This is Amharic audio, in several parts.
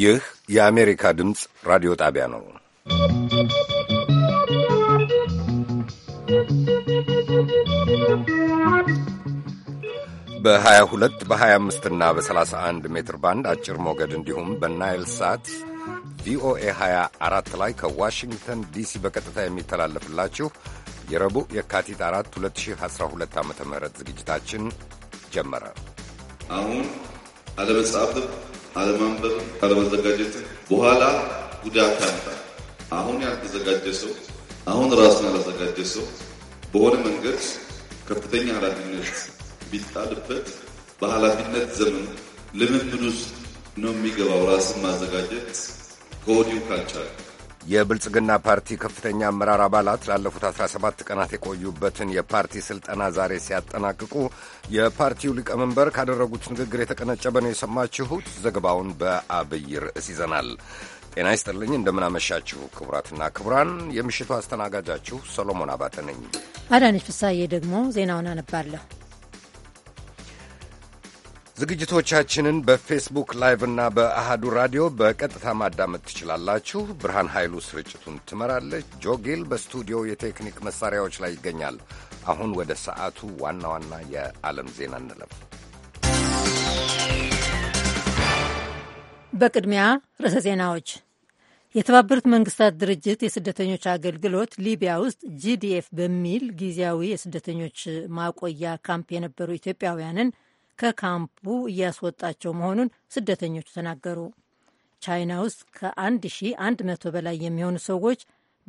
ይህ የአሜሪካ ድምፅ ራዲዮ ጣቢያ ነው። በ22 በ25 እና በ31 ሜትር ባንድ አጭር ሞገድ እንዲሁም በናይል ሳት ቪኦኤ 24 ላይ ከዋሽንግተን ዲሲ በቀጥታ የሚተላለፍላችሁ የረቡዕ የካቲት 4 2012 ዓ ም ዝግጅታችን ጀመረ። አሁን አለመጻፍ አለማንበብ ካለመዘጋጀት በኋላ ጉዳት ያመጣል። አሁን ያልተዘጋጀ ሰው አሁን ራሱን ያላዘጋጀ ሰው በሆነ መንገድ ከፍተኛ ኃላፊነት ቢጣልበት በኃላፊነት ዘመኑ ልምምድ ውስጥ ነው የሚገባው። ራስን ማዘጋጀት ከወዲሁ ካልቻለ የብልጽግና ፓርቲ ከፍተኛ አመራር አባላት ላለፉት 17 ቀናት የቆዩበትን የፓርቲ ስልጠና ዛሬ ሲያጠናቅቁ የፓርቲው ሊቀመንበር ካደረጉት ንግግር የተቀነጨበ ነው የሰማችሁት። ዘገባውን በአብይ ርዕስ ይዘናል። ጤና ይስጥልኝ፣ እንደምናመሻችሁ ክቡራትና ክቡራን። የምሽቱ አስተናጋጃችሁ ሰሎሞን አባተ ነኝ። አዳነች ፍሳዬ ደግሞ ዜናውን አነባለሁ። ዝግጅቶቻችንን በፌስቡክ ላይቭ እና በአሃዱ ራዲዮ በቀጥታ ማዳመጥ ትችላላችሁ። ብርሃን ኃይሉ ስርጭቱን ትመራለች። ጆጌል በስቱዲዮ የቴክኒክ መሳሪያዎች ላይ ይገኛል። አሁን ወደ ሰዓቱ ዋና ዋና የዓለም ዜና እንለፍ። በቅድሚያ ርዕሰ ዜናዎች። የተባበሩት መንግስታት ድርጅት የስደተኞች አገልግሎት ሊቢያ ውስጥ ጂዲኤፍ በሚል ጊዜያዊ የስደተኞች ማቆያ ካምፕ የነበሩ ኢትዮጵያውያንን ከካምፑ እያስወጣቸው መሆኑን ስደተኞቹ ተናገሩ። ቻይና ውስጥ ከ መቶ በላይ የሚሆኑ ሰዎች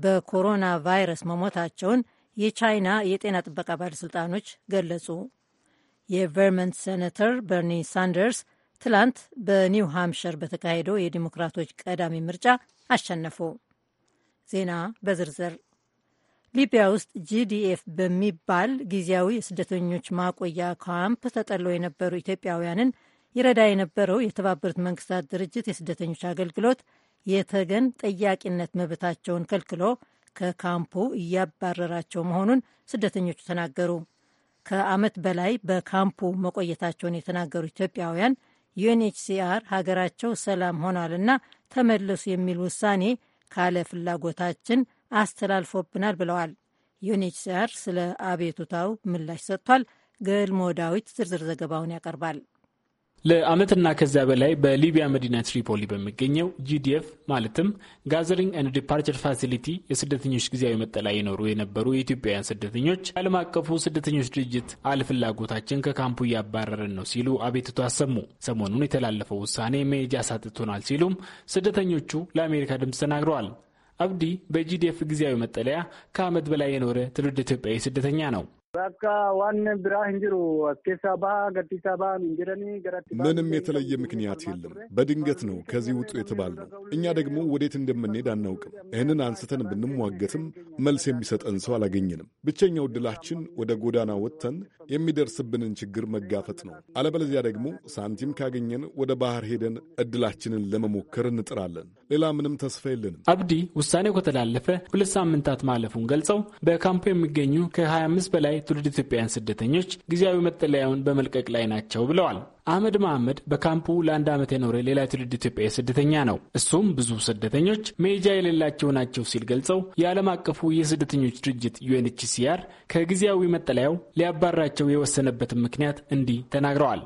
በኮሮና ቫይረስ መሞታቸውን የቻይና የጤና ጥበቃ ባለሥልጣኖች ገለጹ። የቨርመንት ሴኔተር በርኒ ሳንደርስ ትላንት በኒው ሃምፕሸር በተካሄደው የዲሞክራቶች ቀዳሚ ምርጫ አሸነፉ። ዜና በዝርዝር ሊቢያ ውስጥ ጂዲኤፍ በሚባል ጊዜያዊ የስደተኞች ማቆያ ካምፕ ተጠለው የነበሩ ኢትዮጵያውያንን ይረዳ የነበረው የተባበሩት መንግስታት ድርጅት የስደተኞች አገልግሎት የተገን ጠያቂነት መብታቸውን ከልክሎ ከካምፑ እያባረራቸው መሆኑን ስደተኞቹ ተናገሩ። ከዓመት በላይ በካምፑ መቆየታቸውን የተናገሩ ኢትዮጵያውያን ዩኤንኤችሲአር ሀገራቸው ሰላም ሆኗልና ተመለሱ የሚል ውሳኔ ካለ ፍላጎታችን አስተላልፎብናል ብለዋል። ዩኤንኤችሲአር ስለ አቤቱታው ምላሽ ሰጥቷል። ገልሞ ዳዊት ዝርዝር ዘገባውን ያቀርባል። ለዓመትና ከዚያ በላይ በሊቢያ መዲና ትሪፖሊ በሚገኘው ጂዲኤፍ ማለትም ጋዘሪንግ ኤንድ ዲፓርቸር ፋሲሊቲ የስደተኞች ጊዜያዊ መጠለያ የኖሩ የነበሩ የኢትዮጵያውያን ስደተኞች ዓለም አቀፉ ስደተኞች ድርጅት አለፍላጎታችን ከካምፑ እያባረረን ነው ሲሉ አቤቱታ አሰሙ። ሰሞኑን የተላለፈው ውሳኔ መሄጃ አሳጥቶናል ሲሉም ስደተኞቹ ለአሜሪካ ድምፅ ተናግረዋል። አብዲ በጂዲኤፍ ጊዜያዊ መጠለያ ከዓመት በላይ የኖረ ትውልድ ኢትዮጵያዊ ስደተኛ ነው። ምንም የተለየ ምክንያት የለም። በድንገት ነው ከዚህ ውጡ የተባልነው። እኛ ደግሞ ወዴት እንደምንሄድ አናውቅም። ይህንን አንስተን ብንሟገትም መልስ የሚሰጠን ሰው አላገኘንም። ብቸኛው ዕድላችን ወደ ጎዳና ወጥተን የሚደርስብንን ችግር መጋፈጥ ነው። አለበለዚያ ደግሞ ሳንቲም ካገኘን ወደ ባህር ሄደን እድላችንን ለመሞከር እንጥራለን። ሌላ ምንም ተስፋ የለንም። አብዲ ውሳኔው ከተላለፈ ሁለት ሳምንታት ማለፉን ገልጸው በካምፑ የሚገኙ ከ25 በላይ ትውልድ ኢትዮጵያውያን ስደተኞች ጊዜያዊ መጠለያውን በመልቀቅ ላይ ናቸው ብለዋል። አህመድ መሐመድ በካምፑ ለአንድ ዓመት የኖረ ሌላ ትውልድ ኢትዮጵያዊ ስደተኛ ነው። እሱም ብዙ ስደተኞች መሄጃ የሌላቸው ናቸው ሲል ገልጸው የዓለም አቀፉ የስደተኞች ድርጅት ዩኤንኤችሲአር ከጊዜያዊ መጠለያው ሊያባራቸው የወሰነበትን ምክንያት እንዲህ ተናግረዋል።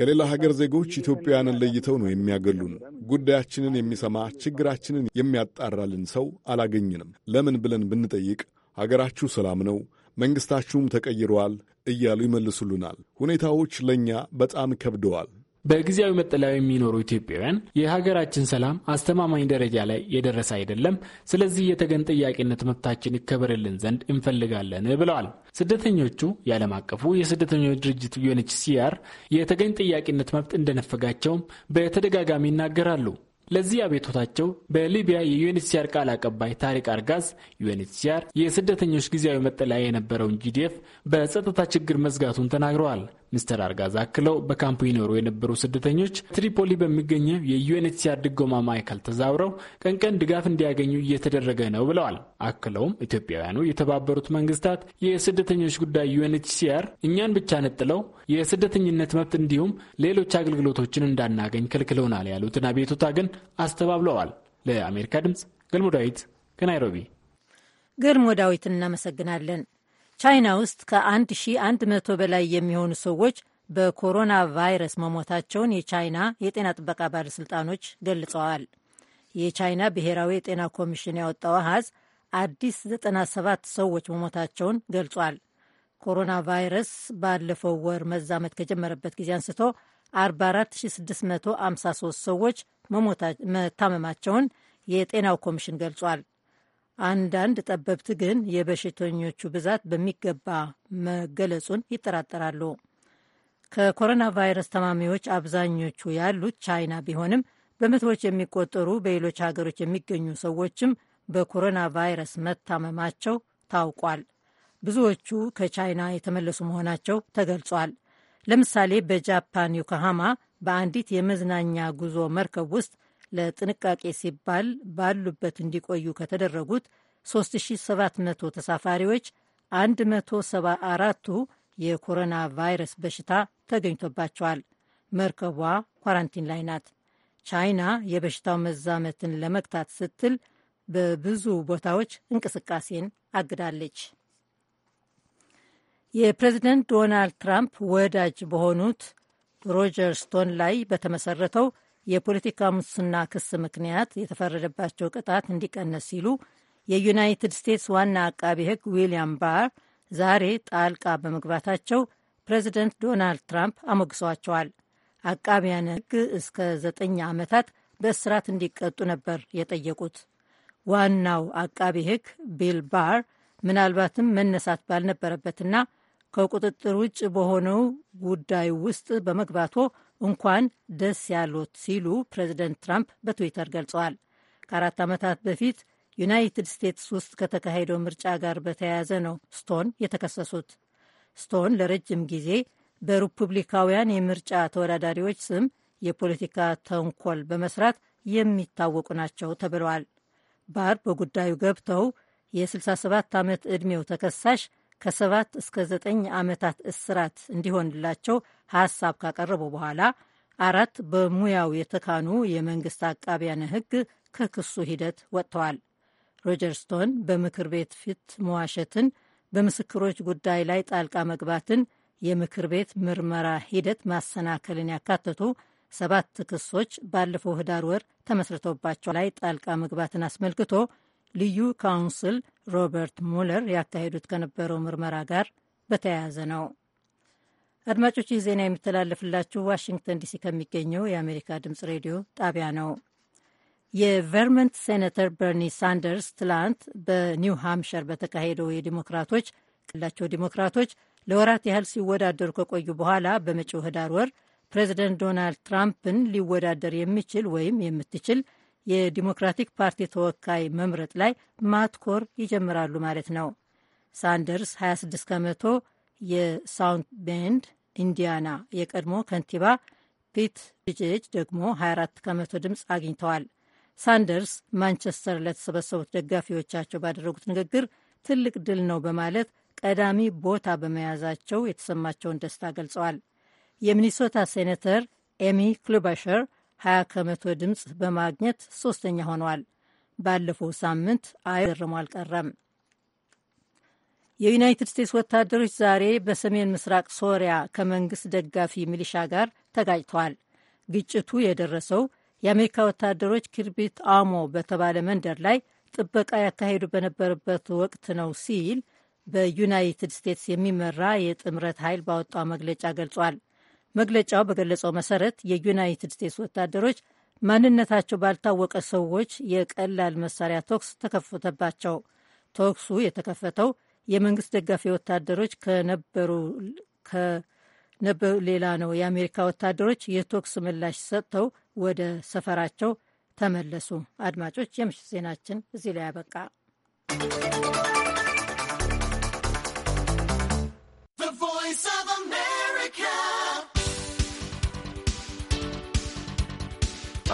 ከሌላ ሀገር ዜጎች ኢትዮጵያውያንን ለይተው ነው የሚያገሉን። ጉዳያችንን የሚሰማ ችግራችንን የሚያጣራልን ሰው አላገኝንም። ለምን ብለን ብንጠይቅ ሀገራችሁ ሰላም ነው መንግስታችሁም ተቀይረዋል እያሉ ይመልሱሉናል። ሁኔታዎች ለእኛ በጣም ከብደዋል። በጊዜያዊ መጠለያ የሚኖሩ ኢትዮጵያውያን የሀገራችን ሰላም አስተማማኝ ደረጃ ላይ የደረሰ አይደለም፣ ስለዚህ የተገን ጥያቄነት መብታችን ይከበርልን ዘንድ እንፈልጋለን ብለዋል። ስደተኞቹ የዓለም አቀፉ የስደተኞች ድርጅት ዩኤንኤችሲአር የተገኝ ጥያቄነት መብት እንደነፈጋቸውም በተደጋጋሚ ይናገራሉ። ለዚህ አቤቶታቸው በሊቢያ የዩኤንኤችሲአር ቃል አቀባይ ታሪክ አርጋዝ ዩኤንኤችሲአር የስደተኞች ጊዜያዊ መጠለያ የነበረውን ጂዲኤፍ በጸጥታ ችግር መዝጋቱን ተናግረዋል። ሚስተር አርጋዝ አክለው በካምፕ ይኖሩ የነበሩ ስደተኞች ትሪፖሊ በሚገኘው የዩኤንኤችሲአር ድጎማ ማዕከል ተዛውረው ቀን ቀን ድጋፍ እንዲያገኙ እየተደረገ ነው ብለዋል። አክለውም ኢትዮጵያውያኑ የተባበሩት መንግስታት የስደተኞች ጉዳይ ዩኤንኤችሲአር እኛን ብቻ ነጥለው የስደተኝነት መብት እንዲሁም ሌሎች አገልግሎቶችን እንዳናገኝ ከልክለውናል ያሉትን አቤቱታ ግን አስተባብለዋል። ለአሜሪካ ድምጽ ገልሞ ዳዊት ከናይሮቢ። ገልሞ ዳዊት እናመሰግናለን። ቻይና ውስጥ ከ1100 በላይ የሚሆኑ ሰዎች በኮሮና ቫይረስ መሞታቸውን የቻይና የጤና ጥበቃ ባለሥልጣኖች ገልጸዋል። የቻይና ብሔራዊ የጤና ኮሚሽን ያወጣው አሃዝ አዲስ 97 ሰዎች መሞታቸውን ገልጿል። ኮሮና ቫይረስ ባለፈው ወር መዛመት ከጀመረበት ጊዜ አንስቶ 44653 ሰዎች መታመማቸውን የጤናው ኮሚሽን ገልጿል። አንዳንድ ጠበብት ግን የበሽተኞቹ ብዛት በሚገባ መገለጹን ይጠራጠራሉ። ከኮሮና ቫይረስ ታማሚዎች አብዛኞቹ ያሉት ቻይና ቢሆንም በመቶዎች የሚቆጠሩ በሌሎች ሀገሮች የሚገኙ ሰዎችም በኮሮና ቫይረስ መታመማቸው ታውቋል። ብዙዎቹ ከቻይና የተመለሱ መሆናቸው ተገልጿል። ለምሳሌ በጃፓን ዮኮሃማ በአንዲት የመዝናኛ ጉዞ መርከብ ውስጥ ለጥንቃቄ ሲባል ባሉበት እንዲቆዩ ከተደረጉት 3700 ተሳፋሪዎች 174ቱ የኮሮና ቫይረስ በሽታ ተገኝቶባቸዋል። መርከቧ ኳራንቲን ላይ ናት። ቻይና የበሽታው መዛመትን ለመግታት ስትል በብዙ ቦታዎች እንቅስቃሴን አግዳለች። የፕሬዚደንት ዶናልድ ትራምፕ ወዳጅ በሆኑት ሮጀር ስቶን ላይ በተመሰረተው የፖለቲካ ሙስና ክስ ምክንያት የተፈረደባቸው ቅጣት እንዲቀነስ ሲሉ የዩናይትድ ስቴትስ ዋና አቃቢ ሕግ ዊሊያም ባር ዛሬ ጣልቃ በመግባታቸው ፕሬዚደንት ዶናልድ ትራምፕ አሞግሰዋቸዋል። አቃቢያን ሕግ እስከ ዘጠኝ ዓመታት በእስራት እንዲቀጡ ነበር የጠየቁት። ዋናው አቃቢ ሕግ ቢል ባር ምናልባትም መነሳት ባልነበረበትና ከቁጥጥር ውጭ በሆነው ጉዳይ ውስጥ በመግባቶ እንኳን ደስ ያሎት ሲሉ ፕሬዚደንት ትራምፕ በትዊተር ገልጸዋል። ከአራት ዓመታት በፊት ዩናይትድ ስቴትስ ውስጥ ከተካሄደው ምርጫ ጋር በተያያዘ ነው ስቶን የተከሰሱት። ስቶን ለረጅም ጊዜ በሪፑብሊካውያን የምርጫ ተወዳዳሪዎች ስም የፖለቲካ ተንኮል በመስራት የሚታወቁ ናቸው ተብለዋል። ባር በጉዳዩ ገብተው የ67 ዓመት ዕድሜው ተከሳሽ ከ7 እስከ ዘ9 ዓመታት እስራት እንዲሆንላቸው ሀሳብ ካቀረቡ በኋላ አራት በሙያው የተካኑ የመንግስት አቃቢያነ ህግ ከክሱ ሂደት ወጥተዋል። ሮጀር ስቶን በምክር ቤት ፊት መዋሸትን፣ በምስክሮች ጉዳይ ላይ ጣልቃ መግባትን፣ የምክር ቤት ምርመራ ሂደት ማሰናከልን ያካተቱ ሰባት ክሶች ባለፈው ህዳር ወር ተመስርተውባቸው ላይ ጣልቃ መግባትን አስመልክቶ ልዩ ካውንስል ሮበርት ሙለር ያካሄዱት ከነበረው ምርመራ ጋር በተያያዘ ነው። አድማጮች ይህ ዜና የሚተላለፍላችሁ ዋሽንግተን ዲሲ ከሚገኘው የአሜሪካ ድምጽ ሬዲዮ ጣቢያ ነው። የቨርመንት ሴኔተር በርኒ ሳንደርስ ትላንት በኒው ሃምሸር በተካሄደው የዲሞክራቶች ቅላቸው ዲሞክራቶች ለወራት ያህል ሲወዳደሩ ከቆዩ በኋላ በመጪው ህዳር ወር ፕሬዚደንት ዶናልድ ትራምፕን ሊወዳደር የሚችል ወይም የምትችል የዲሞክራቲክ ፓርቲ ተወካይ መምረጥ ላይ ማትኮር ይጀምራሉ ማለት ነው። ሳንደርስ 26 ከመቶ የሳውንድ ቤንድ ኢንዲያና የቀድሞ ከንቲባ ፒት ቡቲጅጅ ደግሞ 24 ከመቶ ድምፅ አግኝተዋል። ሳንደርስ ማንቸስተር ለተሰበሰቡት ደጋፊዎቻቸው ባደረጉት ንግግር ትልቅ ድል ነው በማለት ቀዳሚ ቦታ በመያዛቸው የተሰማቸውን ደስታ ገልጸዋል። የሚኒሶታ ሴኔተር ኤሚ ክሉባሸር 20 ከመቶ ድምፅ በማግኘት ሶስተኛ ሆነዋል። ባለፈው ሳምንት አይ ገርሞ አልቀረም። የዩናይትድ ስቴትስ ወታደሮች ዛሬ በሰሜን ምስራቅ ሶሪያ ከመንግስት ደጋፊ ሚሊሻ ጋር ተጋጭተዋል። ግጭቱ የደረሰው የአሜሪካ ወታደሮች ኪርቢት አሞ በተባለ መንደር ላይ ጥበቃ ያካሄዱ በነበረበት ወቅት ነው ሲል በዩናይትድ ስቴትስ የሚመራ የጥምረት ኃይል ባወጣው መግለጫ ገልጿል። መግለጫው በገለጸው መሰረት የዩናይትድ ስቴትስ ወታደሮች ማንነታቸው ባልታወቀ ሰዎች የቀላል መሳሪያ ተኩስ ተከፈተባቸው። ተኩሱ የተከፈተው የመንግስት ደጋፊ ወታደሮች ከነበሩ ከነበሩ ሌላ ነው የአሜሪካ ወታደሮች የቶክስ ምላሽ ሰጥተው ወደ ሰፈራቸው ተመለሱ። አድማጮች፣ የምሽት ዜናችን እዚህ ላይ ያበቃ።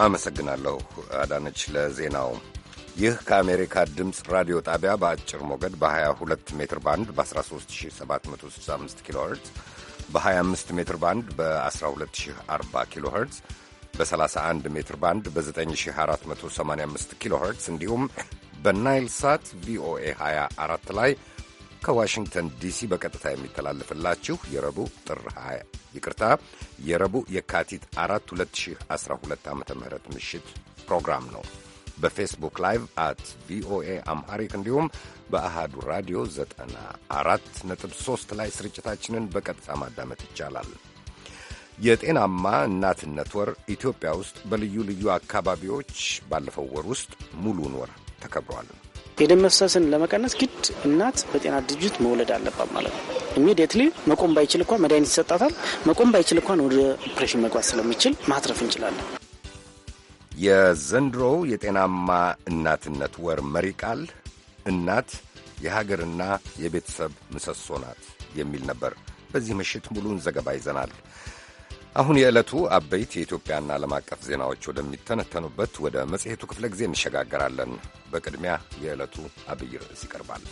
አመሰግናለሁ አዳነች ለዜናው። ይህ ከአሜሪካ ድምፅ ራዲዮ ጣቢያ በአጭር ሞገድ በ22 ሜትር ባንድ በ13765 ኪሎ ኸርትዝ በ25 ሜትር ባንድ በ1240 ኪሎ ኸርትዝ በ31 ሜትር ባንድ በ9485 ኪሎ ኸርትዝ እንዲሁም በናይል ሳት ቪኦኤ 24 ላይ ከዋሽንግተን ዲሲ በቀጥታ የሚተላለፍላችሁ የረቡዕ ጥር 20 ይቅርታ የረቡዕ የካቲት 4 2012 ዓ ም ምሽት ፕሮግራም ነው። በፌስቡክ ላይቭ አት ቪኦኤ አምሃሪክ እንዲሁም በአሃዱ ራዲዮ 94.3 ላይ ስርጭታችንን በቀጥታ ማዳመጥ ይቻላል። የጤናማ እናትነት ወር ኢትዮጵያ ውስጥ በልዩ ልዩ አካባቢዎች ባለፈው ወር ውስጥ ሙሉን ወር ተከብሯል። የደም መፍሰስን ለመቀነስ ግድ እናት በጤና ድርጅት መውለድ አለባት ማለት ነው። ኢሚዲየትሊ መቆም ባይችል እንኳን መድኃኒት ይሰጣታል። መቆም ባይችል እንኳን ወደ ኦፕሬሽን መግባት ስለሚችል ማትረፍ እንችላለን። የዘንድሮው የጤናማ እናትነት ወር መሪ ቃል እናት የሀገርና የቤተሰብ ምሰሶ ናት የሚል ነበር። በዚህ ምሽት ሙሉን ዘገባ ይዘናል። አሁን የዕለቱ አበይት የኢትዮጵያና ዓለም አቀፍ ዜናዎች ወደሚተነተኑበት ወደ መጽሔቱ ክፍለ ጊዜ እንሸጋገራለን። በቅድሚያ የዕለቱ አብይ ርዕስ ይቀርባል።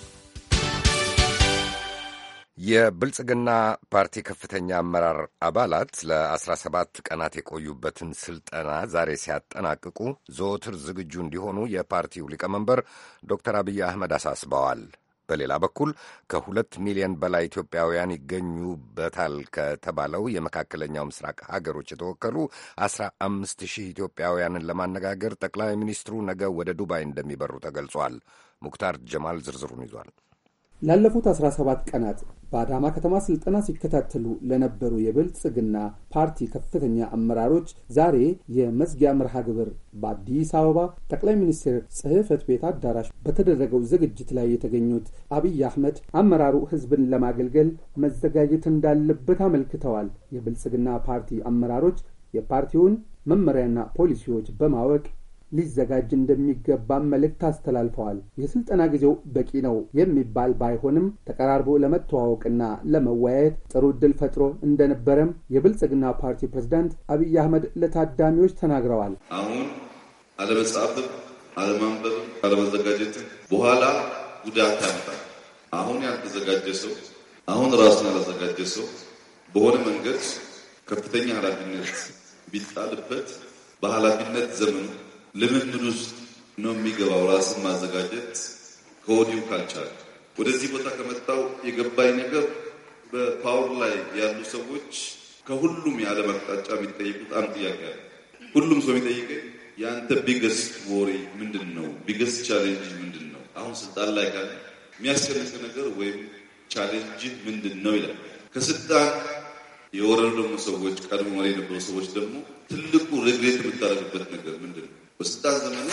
የብልጽግና ፓርቲ ከፍተኛ አመራር አባላት ለ17 ቀናት የቆዩበትን ስልጠና ዛሬ ሲያጠናቅቁ ዘወትር ዝግጁ እንዲሆኑ የፓርቲው ሊቀመንበር ዶክተር አብይ አህመድ አሳስበዋል። በሌላ በኩል ከሁለት ሚሊዮን በላይ ኢትዮጵያውያን ይገኙበታል ከተባለው የመካከለኛው ምስራቅ ሀገሮች የተወከሉ አስራ አምስት ሺህ ኢትዮጵያውያንን ለማነጋገር ጠቅላይ ሚኒስትሩ ነገ ወደ ዱባይ እንደሚበሩ ተገልጿል። ሙክታር ጀማል ዝርዝሩን ይዟል። ላለፉት 17 ቀናት በአዳማ ከተማ ስልጠና ሲከታተሉ ለነበሩ የብልጽግና ፓርቲ ከፍተኛ አመራሮች ዛሬ የመዝጊያ መርሃ ግብር በአዲስ አበባ ጠቅላይ ሚኒስትር ጽሕፈት ቤት አዳራሽ በተደረገው ዝግጅት ላይ የተገኙት አብይ አህመድ አመራሩ ህዝብን ለማገልገል መዘጋጀት እንዳለበት አመልክተዋል። የብልጽግና ፓርቲ አመራሮች የፓርቲውን መመሪያና ፖሊሲዎች በማወቅ ሊዘጋጅ እንደሚገባም መልእክት አስተላልፈዋል። የስልጠና ጊዜው በቂ ነው የሚባል ባይሆንም ተቀራርቦ ለመተዋወቅና ለመወያየት ጥሩ እድል ፈጥሮ እንደነበረም የብልጽግና ፓርቲ ፕሬዝዳንት አብይ አህመድ ለታዳሚዎች ተናግረዋል። አሁን አለመጻፍም፣ አለማንበብም፣ አለመዘጋጀትም በኋላ ጉዳት ያመጣል። አሁን ያልተዘጋጀ ሰው አሁን ራሱን ያላዘጋጀ ሰው በሆነ መንገድ ከፍተኛ ኃላፊነት ቢጣልበት በኃላፊነት ዘመኑ ልምምድ ውስጥ ነው የሚገባው። ራስን ማዘጋጀት ከወዲሁ ካልቻለ ወደዚህ ቦታ ከመጣው የገባኝ ነገር በፓወር ላይ ያሉ ሰዎች ከሁሉም የዓለም አቅጣጫ የሚጠይቁት አንድ ጥያቄ አለ። ሁሉም ሰው የሚጠይቀኝ የአንተ ቢገስት ወሬ ምንድን ነው? ቢገስት ቻሌንጅ ምንድን ነው? አሁን ስልጣን ላይ ካለ የሚያስጨንቅ ነገር ወይም ቻሌንጅ ምንድን ነው ይላል። ከስልጣን የወረዱ ደግሞ ሰዎች ቀድሞ መሪ የነበሩ ሰዎች ደግሞ ትልቁ ሬግሬት የምታደርግበት ነገር ምንድን ነው? በስልጣን ዘመን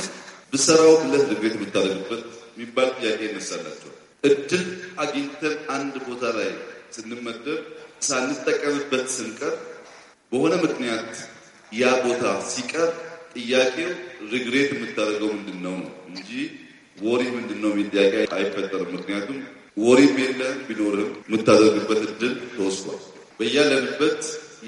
ብሰራው ለት ሪግሬት የምታደርግበት የሚባል ጥያቄ ይነሳላቸው። እድል አግኝተን አንድ ቦታ ላይ ስንመደብ ሳንጠቀምበት ስንቀር በሆነ ምክንያት ያ ቦታ ሲቀር ጥያቄው ሪግሬት የምታደርገው ምንድን ነው እንጂ ወሪ ምንድን ነው የሚል ጥያቄ አይፈጠርም። ምክንያቱም ወሪም የለህም፣ ቢኖርህም የምታደርግበት እድል ተወስዷል። በያለንበት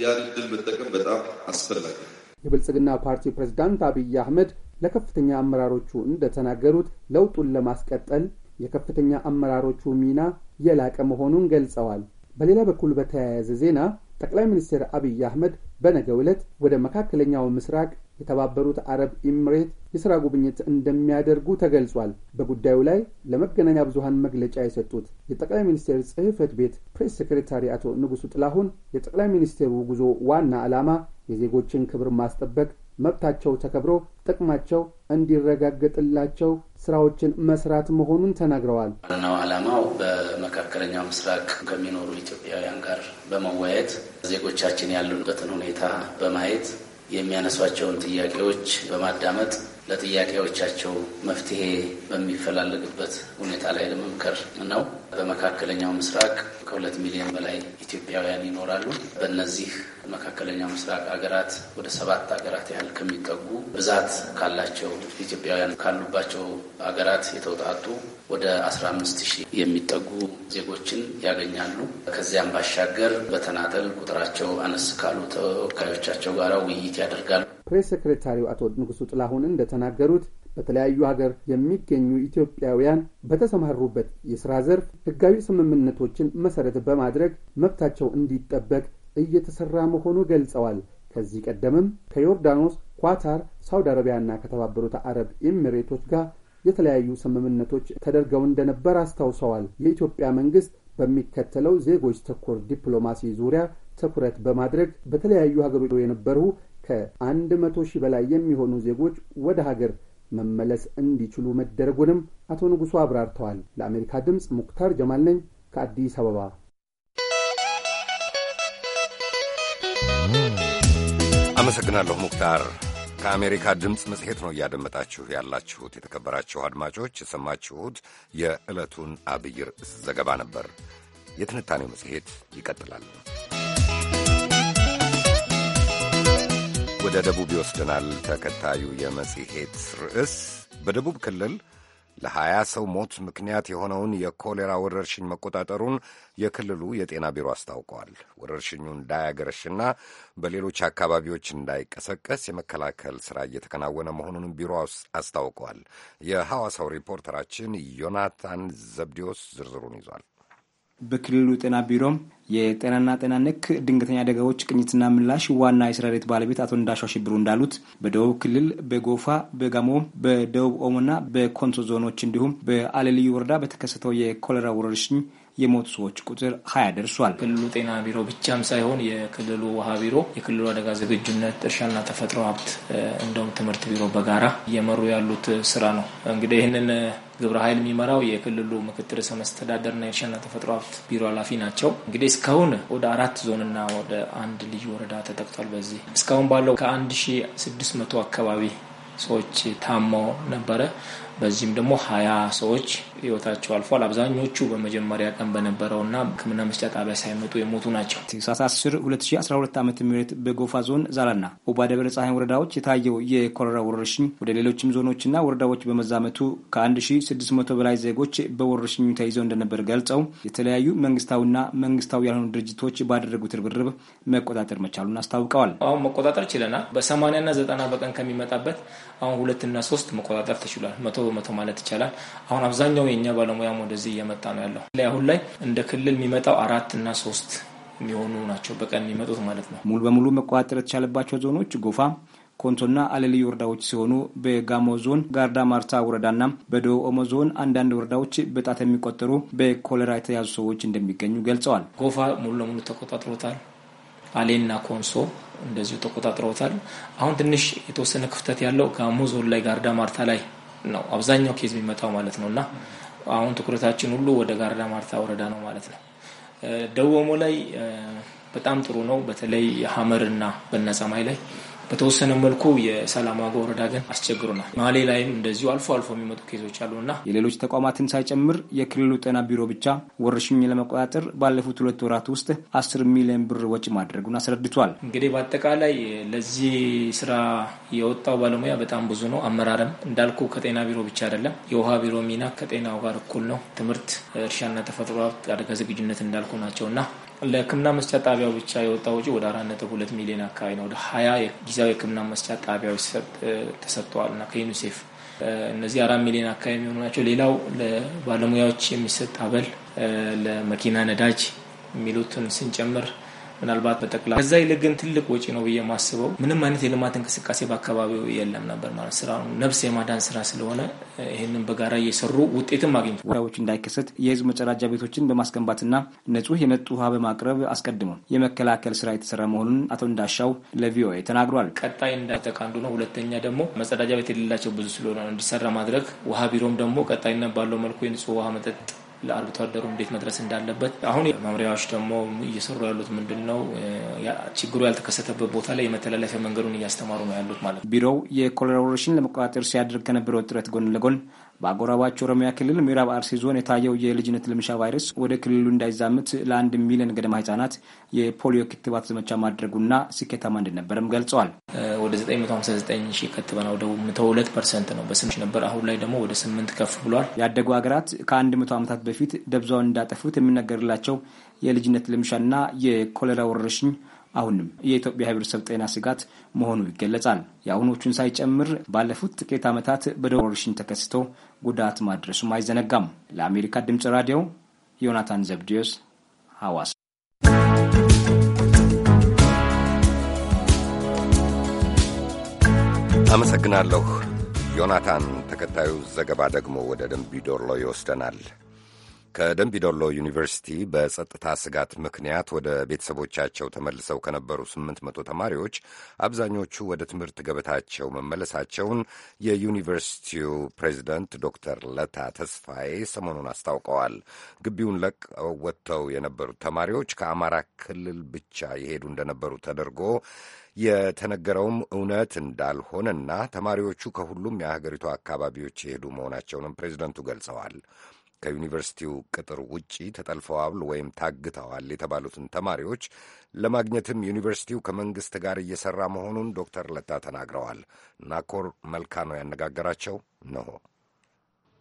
ያን እድል መጠቀም በጣም አስፈላጊ የብልጽግና ፓርቲ ፕሬዝዳንት አብይ አህመድ ለከፍተኛ አመራሮቹ እንደተናገሩት ለውጡን ለማስቀጠል የከፍተኛ አመራሮቹ ሚና የላቀ መሆኑን ገልጸዋል። በሌላ በኩል በተያያዘ ዜና ጠቅላይ ሚኒስትር አብይ አህመድ በነገ ዕለት ወደ መካከለኛው ምስራቅ የተባበሩት አረብ ኢምሬት የሥራ ጉብኝት እንደሚያደርጉ ተገልጿል። በጉዳዩ ላይ ለመገናኛ ብዙሃን መግለጫ የሰጡት የጠቅላይ ሚኒስቴር ጽሕፈት ቤት ፕሬስ ሴክሬታሪ አቶ ንጉሱ ጥላሁን የጠቅላይ ሚኒስቴሩ ጉዞ ዋና ዓላማ የዜጎችን ክብር ማስጠበቅ፣ መብታቸው ተከብሮ ጥቅማቸው እንዲረጋገጥላቸው ስራዎችን መስራት መሆኑን ተናግረዋል። ዋናው ዓላማው በመካከለኛው ምስራቅ ከሚኖሩ ኢትዮጵያውያን ጋር በመወያየት ዜጎቻችን ያሉበትን ሁኔታ በማየት የሚያነሷቸውን ጥያቄዎች በማዳመጥ ለጥያቄዎቻቸው መፍትሄ በሚፈላለግበት ሁኔታ ላይ ለመምከር ነው። በመካከለኛው ምስራቅ ከሁለት ሚሊዮን በላይ ኢትዮጵያውያን ይኖራሉ። በእነዚህ መካከለኛው ምስራቅ ሀገራት ወደ ሰባት ሀገራት ያህል ከሚጠጉ ብዛት ካላቸው ኢትዮጵያውያን ካሉባቸው ሀገራት የተውጣጡ ወደ 15 ሺህ የሚጠጉ ዜጎችን ያገኛሉ። ከዚያም ባሻገር በተናጠል ቁጥራቸው አነስ ካሉ ተወካዮቻቸው ጋር ውይይት ያደርጋሉ። ፕሬስ ሴክሬታሪው አቶ ንጉሱ ጥላሁን እንደተናገሩት በተለያዩ ሀገር የሚገኙ ኢትዮጵያውያን በተሰማሩበት የሥራ ዘርፍ ሕጋዊ ስምምነቶችን መሠረት በማድረግ መብታቸው እንዲጠበቅ እየተሠራ መሆኑ ገልጸዋል። ከዚህ ቀደምም ከዮርዳኖስ፣ ኳታር፣ ሳውዲ አረቢያና ከተባበሩት አረብ ኤሚሬቶች ጋር የተለያዩ ስምምነቶች ተደርገው እንደነበር አስታውሰዋል። የኢትዮጵያ መንግስት በሚከተለው ዜጎች ተኮር ዲፕሎማሲ ዙሪያ ትኩረት በማድረግ በተለያዩ ሀገሮች የነበሩ ከአንድ መቶ ሺህ በላይ የሚሆኑ ዜጎች ወደ ሀገር መመለስ እንዲችሉ መደረጉንም አቶ ንጉሡ አብራርተዋል። ለአሜሪካ ድምፅ ሙክታር ጀማል ነኝ ከአዲስ አበባ። አመሰግናለሁ ሙክታር። ከአሜሪካ ድምፅ መጽሔት ነው እያደመጣችሁ ያላችሁት። የተከበራችሁ አድማጮች የሰማችሁት የዕለቱን አብይ ርዕስ ዘገባ ነበር። የትንታኔው መጽሔት ይቀጥላል። ወደ ደቡብ ይወስደናል። ተከታዩ የመጽሔት ርዕስ በደቡብ ክልል ለሀያ ሰው ሞት ምክንያት የሆነውን የኮሌራ ወረርሽኝ መቆጣጠሩን የክልሉ የጤና ቢሮ አስታውቀዋል። ወረርሽኙ እንዳያገረሽና በሌሎች አካባቢዎች እንዳይቀሰቀስ የመከላከል ሥራ እየተከናወነ መሆኑንም ቢሮ አስታውቀዋል። የሐዋሳው ሪፖርተራችን ዮናታን ዘብዲዮስ ዝርዝሩን ይዟል። በክልሉ ጤና ቢሮም የጤናና ጤና ነክ ድንገተኛ አደጋዎች ቅኝትና ምላሽ ዋና የስራ ቤት ባለቤት አቶ እንዳሻው ሽብሩ እንዳሉት በደቡብ ክልል በጎፋ፣ በጋሞ፣ በደቡብ ኦሞና በኮንሶ ዞኖች እንዲሁም በአለልዩ ወረዳ በተከሰተው የኮሌራ ወረርሽኝ የሞቱ ሰዎች ቁጥር ሀያ ደርሷል። ክልሉ ጤና ቢሮ ብቻም ሳይሆን የክልሉ ውሃ ቢሮ፣ የክልሉ አደጋ ዝግጁነት፣ እርሻና ተፈጥሮ ሀብት እንደውም ትምህርት ቢሮ በጋራ እየመሩ ያሉት ስራ ነው። እንግዲህ ይህንን ግብረ ኃይል የሚመራው የክልሉ ምክትል ርዕሰ መስተዳደርና የእርሻና ተፈጥሮ ሀብት ቢሮ ኃላፊ ናቸው። እንግዲህ እስካሁን ወደ አራት ዞንና ወደ አንድ ልዩ ወረዳ ተጠቅቷል። በዚህ እስካሁን ባለው ከ መቶ አካባቢ ሰዎች ታመው ነበረ። በዚህም ደግሞ ሀያ ሰዎች ህይወታቸው አልፏል። አብዛኞቹ በመጀመሪያ ቀን በነበረውና ሕክምና መስጫ ጣቢያ ሳይመጡ የሞቱ ናቸው። ታህሳስ 10 2012 ዓ ም በጎፋ ዞን ዛላና ኦባ ደብረ ፀሐይ ወረዳዎች የታየው የኮሌራ ወረርሽኝ ወደ ሌሎችም ዞኖችና ወረዳዎች በመዛመቱ ከ1600 በላይ ዜጎች በወረርሽኙ ተይዘው እንደነበር ገልጸው የተለያዩ መንግስታዊና መንግስታዊ ያልሆኑ ድርጅቶች ባደረጉት ርብርብ መቆጣጠር መቻሉን አስታውቀዋል። አሁን መቆጣጠር ችለናል። በ80ና 90 በቀን ከሚመጣበት አሁን ሁለትና ሶስት መቆጣጠር ተችሏል። በመቶ ማለት ይቻላል አሁን አብዛኛው የእኛ ባለሙያም ወደዚህ እየመጣ ነው ያለው። አሁን ላይ እንደ ክልል የሚመጣው አራት እና ሶስት የሚሆኑ ናቸው በቀን የሚመጡት ማለት ነው። ሙሉ በሙሉ መቆጣጠር የተቻለባቸው ዞኖች ጎፋ ኮንቶና አለልዩ ወረዳዎች ሲሆኑ በጋሞ ዞን ጋርዳ ማርታ ወረዳና በደቡብ ኦሞ ዞን አንዳንድ ወረዳዎች በጣት የሚቆጠሩ በኮሌራ የተያዙ ሰዎች እንደሚገኙ ገልጸዋል። ጎፋ ሙሉ ለሙሉ ተቆጣጥሮታል። አሌና ኮንሶ እንደዚሁ ተቆጣጥረውታል። አሁን ትንሽ የተወሰነ ክፍተት ያለው ጋሞ ዞን ላይ ጋርዳ ማርታ ላይ ነው አብዛኛው ኬዝ የሚመጣው ማለት ነው እና አሁን ትኩረታችን ሁሉ ወደ ጋርዳ ማርታ ወረዳ ነው ማለት ነው። ደወሞ ላይ በጣም ጥሩ ነው። በተለይ ሀመርና በነጸማይ ላይ በተወሰነ መልኩ የሰላም ዋጋ ወረዳ ግን አስቸግሩናል። ማሌ ላይም እንደዚሁ አልፎ አልፎ የሚመጡ ኬዞች አሉና የሌሎች ተቋማትን ሳይጨምር የክልሉ ጤና ቢሮ ብቻ ወረርሽኝ ለመቆጣጠር ባለፉት ሁለት ወራት ውስጥ አስር ሚሊዮን ብር ወጪ ማድረጉን አስረድቷል። እንግዲህ በአጠቃላይ ለዚህ ስራ የወጣው ባለሙያ በጣም ብዙ ነው። አመራርም እንዳልኩ ከጤና ቢሮ ብቻ አይደለም። የውሃ ቢሮ ሚና ከጤናው ጋር እኩል ነው። ትምህርት፣ እርሻና ተፈጥሮ ሀብት አደጋ ዝግጁነት እንዳልኩ ናቸው እና ለህክምና መስጫ ጣቢያው ብቻ የወጣው ወጪ ወደ አራት ነጥብ ሁለት ሚሊዮን አካባቢ ነው ወደ ሀያ ጊዜያዊ ሕክምና መስጫ ጣቢያዎች ተሰጥተዋልና ከዩኒሴፍ እነዚህ አራት ሚሊዮን አካባቢ የሚሆኑ ናቸው። ሌላው ለባለሙያዎች የሚሰጥ አበል ለመኪና ነዳጅ የሚሉትን ስንጨምር ምናልባት በጠቅላ ከዛ ይልቅ ግን ትልቅ ወጪ ነው ብዬ ማስበው ምንም አይነት የልማት እንቅስቃሴ በአካባቢው የለም ነበር ማለት ስራ ነፍስ የማዳን ስራ ስለሆነ ይህንን በጋራ እየሰሩ ውጤትም አግኝቱ ወራዎች እንዳይከሰት የህዝብ መጸዳጃ ቤቶችን በማስገንባትና ንጹህ የመጡ ውሃ በማቅረብ አስቀድሞ የመከላከል ስራ የተሰራ መሆኑን አቶ እንዳሻው ለቪኦኤ ተናግሯል። ቀጣይ እንዳጠቃ አንዱ ነው። ሁለተኛ ደግሞ መጸዳጃ ቤት የሌላቸው ብዙ ስለሆነ እንዲሰራ ማድረግ ውሃ ቢሮም ደግሞ ቀጣይነት ባለው መልኩ የንጹህ ውሃ መጠጥ ለአርብቶ አደሩ እንዴት መድረስ እንዳለበት አሁን መምሪያዎች ደግሞ እየሰሩ ያሉት ምንድን ነው ችግሩ ያልተከሰተበት ቦታ ላይ የመተላለፊያ መንገዱን እያስተማሩ ነው ያሉት ማለት ነው። ቢሮው የኮሌራ ወረርሽኝ ለመቆጣጠር ሲያደርግ ከነበረው ጥረት ጎን ለጎን በአጎራባች ኦሮሚያ ክልል ምዕራብ አርሲ ዞን የታየው የልጅነት ልምሻ ቫይረስ ወደ ክልሉ እንዳይዛምት ለአንድ ሚሊዮን ገደማ ህጻናት የፖሊዮ ክትባት ዘመቻ ማድረጉና ስኬታማ እንደነበረም ገልጸዋል። ወደ 959 ሺህ ከትበና ወደ 102 ፐርሰንት ነው በስንሽ ነበር። አሁን ላይ ደግሞ ወደ 8 ከፍ ብሏል። ያደጉ ሀገራት ከአንድ መቶ ዓመታት በፊት ደብዛውን እንዳጠፉት የሚነገርላቸው የልጅነት ልምሻና የኮሌራ ወረርሽኝ አሁንም የኢትዮጵያ ህብረተሰብ ጤና ስጋት መሆኑ ይገለጻል። የአሁኖቹን ሳይጨምር ባለፉት ጥቂት ዓመታት በደቡብ ወረርሽኝ ተከስቶ ጉዳት ማድረሱም አይዘነጋም። ለአሜሪካ ድምፅ ራዲዮ ዮናታን ዘብድዮስ ሐዋሳ። አመሰግናለሁ ዮናታን። ተከታዩ ዘገባ ደግሞ ወደ ደንቢ ይወስደናል። ከደንቢዶሎ ዩኒቨርሲቲ በጸጥታ ስጋት ምክንያት ወደ ቤተሰቦቻቸው ተመልሰው ከነበሩ ስምንት መቶ ተማሪዎች አብዛኞቹ ወደ ትምህርት ገበታቸው መመለሳቸውን የዩኒቨርሲቲው ፕሬዚደንት ዶክተር ለታ ተስፋዬ ሰሞኑን አስታውቀዋል። ግቢውን ለቀው ወጥተው የነበሩት ተማሪዎች ከአማራ ክልል ብቻ የሄዱ እንደነበሩ ተደርጎ የተነገረውም እውነት እንዳልሆነና ተማሪዎቹ ከሁሉም የሀገሪቱ አካባቢዎች የሄዱ መሆናቸውንም ፕሬዚደንቱ ገልጸዋል። ከዩኒቨርሲቲው ቅጥር ውጪ ተጠልፈዋል ወይም ታግተዋል የተባሉትን ተማሪዎች ለማግኘትም ዩኒቨርሲቲው ከመንግሥት ጋር እየሠራ መሆኑን ዶክተር ለታ ተናግረዋል። ናኮር መልካ ነው ያነጋገራቸው። ነሆ